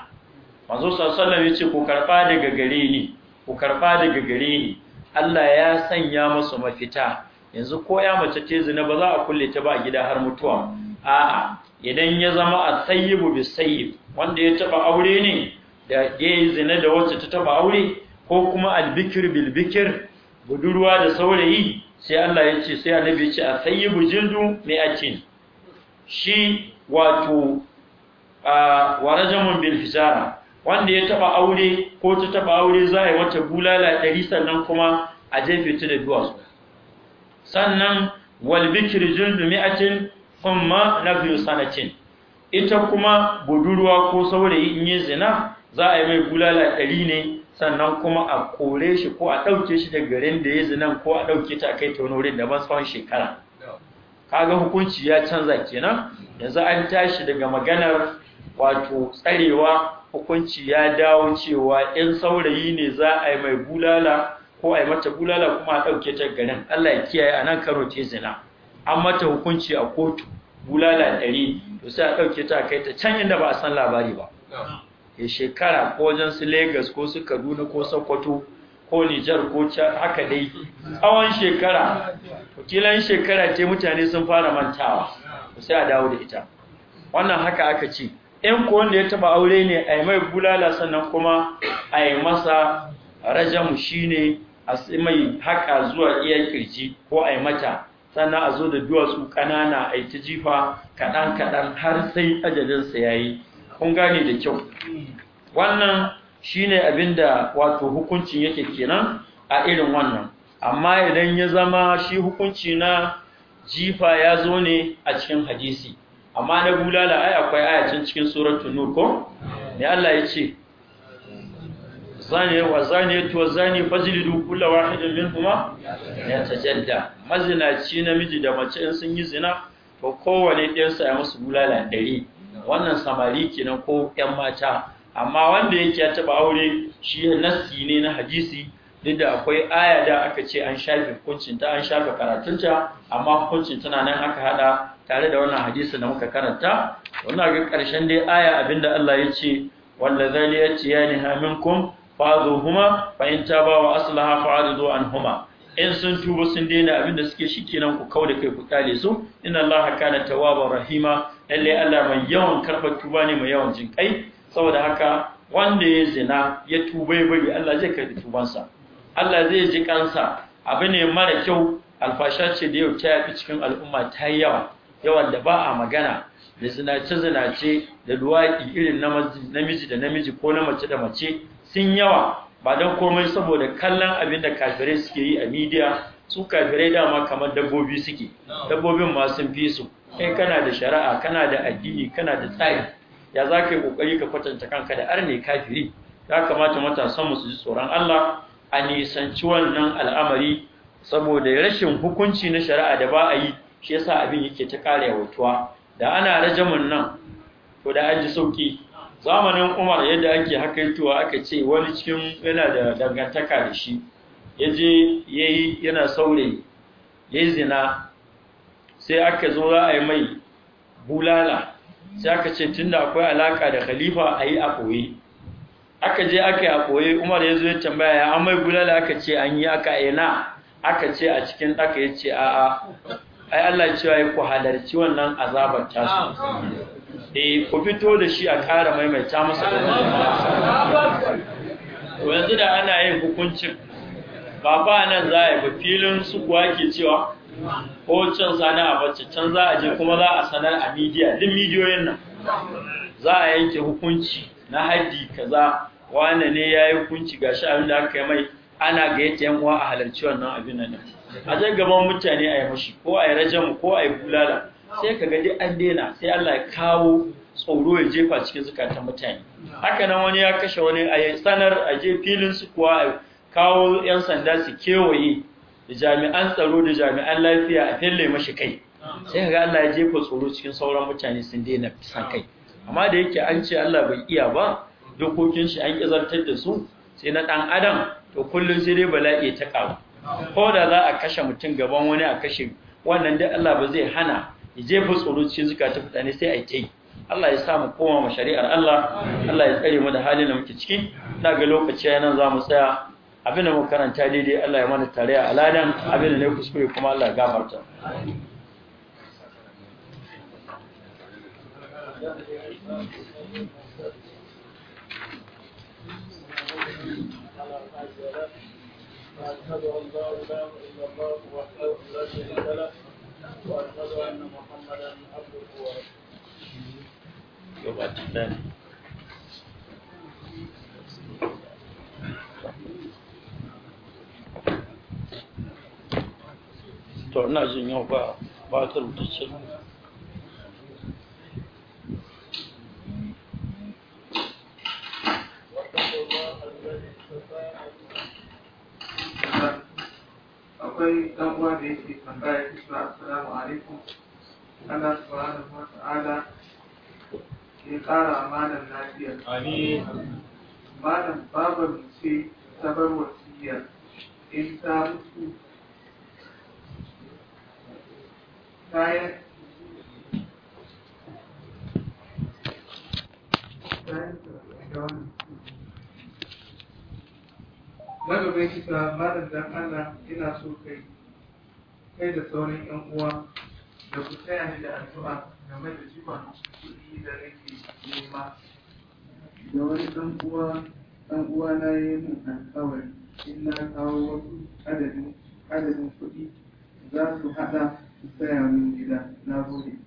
[SPEAKER 1] manzo sallallahu alaihi yace ku karba daga gare ni ku karba daga gare ni Allah ya sanya musu mafita yanzu ko ya mace ce zina ba za a kulle ta ba gida har mutuwa a'a idan ya zama a sayyibu bi sayyib wanda ya taba aure ne da ya yi zina da wacce ta taba aure ko kuma albikir bil bikir budurwa da saurayi sai Allah ya ce sai annabi ya ce a sayyibu jindu mai acin shi wato a warajamun bil hijara wanda ya taba aure ko ta taba aure za a yi wata bulala ɗari sannan kuma a jefe ta da duwatsu sannan walbikir bikir jindu mai umma biyu sanatin ita kuma budurwa ko saurayi in yi zina za a yi mai bulala ɗari ne sannan kuma a kore shi ko a ɗauke shi daga garin da ya zina ko a ɗauke ta kai ta wani wurin da ban tsawon shekara kaga hukunci ya canza kenan yanzu an tashi daga maganar wato tsarewa hukunci ya dawo cewa in saurayi ne za a yi mai bulala ko a yi mata bulala kuma a ɗauke ta garin Allah ya kiyaye a nan karo ce zina an mata hukunci a kotu bulala ɗari to sai a ɗauke ta kai ta can inda ba a san labari ba ya shekara ko wajen su Legas ko su Kaduna ko Sokoto ko Nijar ko can haka dai tsawon shekara wakilan shekara ce mutane sun fara mantawa sai a dawo da ita wannan haka aka ce in ko wanda ya taba aure ne a mai bulala sannan kuma a yi masa rajamu shine a mai haka zuwa iya kirji ko a mata sannan a zo da duwatsu ƙanana a yi ta jifa kaɗan-kaɗan har sai ajalinsa ya yi kun gane da kyau wannan shine abin da wato hukuncin yake kenan a irin wannan amma idan ya zama shi hukunci na jifa ya zo ne a cikin hadisi amma na bulala ai akwai ayacin cikin suratu nur ko ne Allah ya ce zaniya wa zaniyatu wa zani fajlidu kulla wahidin minhuma ya tajadda mazinaci namiji da mace in sun yi zina to kowane ɗayan sa ya musu bulala ɗari wannan samari kenan ko ƴan mata amma wanda yake ya taɓa aure shi nassi ne na hadisi duk da akwai aya da aka ce an shafe hukuncinta, ta an shafe karatunta amma hukuncin tana nan aka haɗa, tare da wannan hadisi da muka karanta wannan ga karshen dai aya abinda Allah ya ce wallazali ya ce fazuhuma fa in ba wa aslaha an huma in sun tuba sun daina abin da suke kenan ku da kai ku kale su inna allaha kana tawwabar rahima lalle Allah mai yawan karbar tuba ne mai yawan jin kai saboda haka wanda ya zina ya tuba ya bari Allah zai karbi tubansa Allah zai ji kansa abu ne mara kyau alfasha ce da yau ta yafi cikin al'umma ta yawa yawan da ba a magana da zinace zinace da luwaɗi irin namiji da namiji ko na mace da mace sun yawa ba don komai saboda kallon abin da kafirai suke yi a midiya su kafirai dama kamar dabbobi suke dabbobin ma sun fi su kai kana da shari'a kana da addini kana da tsari ya za ka yi kokari ka kwatanta kanka da arne kafiri ya kamata matasan mu su ji tsoron Allah a nisanci wannan al'amari saboda rashin hukunci na shari'a da ba a yi shi yasa abin yake ta kare watuwa da ana rajamun nan to da an ji sauki zamanin umar yadda ake yituwa aka ce wani cikin yana da dangantaka da shi ya je ya yi yana saurayi ya zina sai aka zo za a yi mai bulala sai aka ce tun da akwai alaka da khalifa a yi a aka je aka yi a umar ya zo ya tambaya ya amai bulala aka ce an yi aka ina eh, aka ce a cikin aka ya ce a'a ai Allah cewa ya ku halarci wannan azabar tasu E, ku fito da shi a ƙara maimaita masa to yanzu da ana yin hukuncin ba ba nan za a yi filin su kuwa ke cewa ko can sana a bacci can za a je kuma za a sanar a midiya duk midiyoyin nan za a yanke hukunci na haddi kaza wane ne ya yi hukunci ga shi abin da aka yi mai ana gayyata yan uwa a halarci wannan abin nan a je gaban mutane a yi mashi ko a yi rajamu ko a yi bulala sai ka ga duk an daina sai Allah ya kawo tsoro ya jefa cikin zukatan mutane haka nan wani ya kashe wani a sanar a je filin su kuwa a kawo yan sanda su kewaye da jami'an tsaro da jami'an lafiya a fille mashi kai sai ga Allah ya jefa tsoro cikin sauran mutane sun daina san kai amma da yake an ce Allah bai iya ba dokokin shi an kizartar da su sai na dan adam to kullun sai dai bala'i ta kawo ko da za a kashe mutum gaban wani a kashe wannan dai Allah ba zai hana ya jefa tsoro cikin zukatan mutane sai a yi ta yi Allah ya samu koma ma shari'ar Allah Allah ya tsare mu da halin da muke ciki na ga lokaci nan za mu tsaya abin da muka karanta daidai Allah ya mana tare a aladan abin da ne kuskure kuma Allah ya gafarta أن لا إله إلا الله وحده لا شريك له وأشهد أن محمدا عبده to ina jin yau ba ba ta
[SPEAKER 2] rutaccen akwai dan da yake tambaya ki sa assalamu alaikum Allah subhanahu wa ta'ala ya ƙara malam lafiya malam babar ce ta bar wasiya in ta mutu bayan bayan da na gaba shi ta malam dan Allah ina so kai kai da sauran yan uwa da ku taya ni da addu'a game da jiwon kuɗi da nake nema da wani dan uwa dan uwa na yi min alƙawari in na kawo wasu adadin adadin kuɗi za su haɗa su saya min gida na gode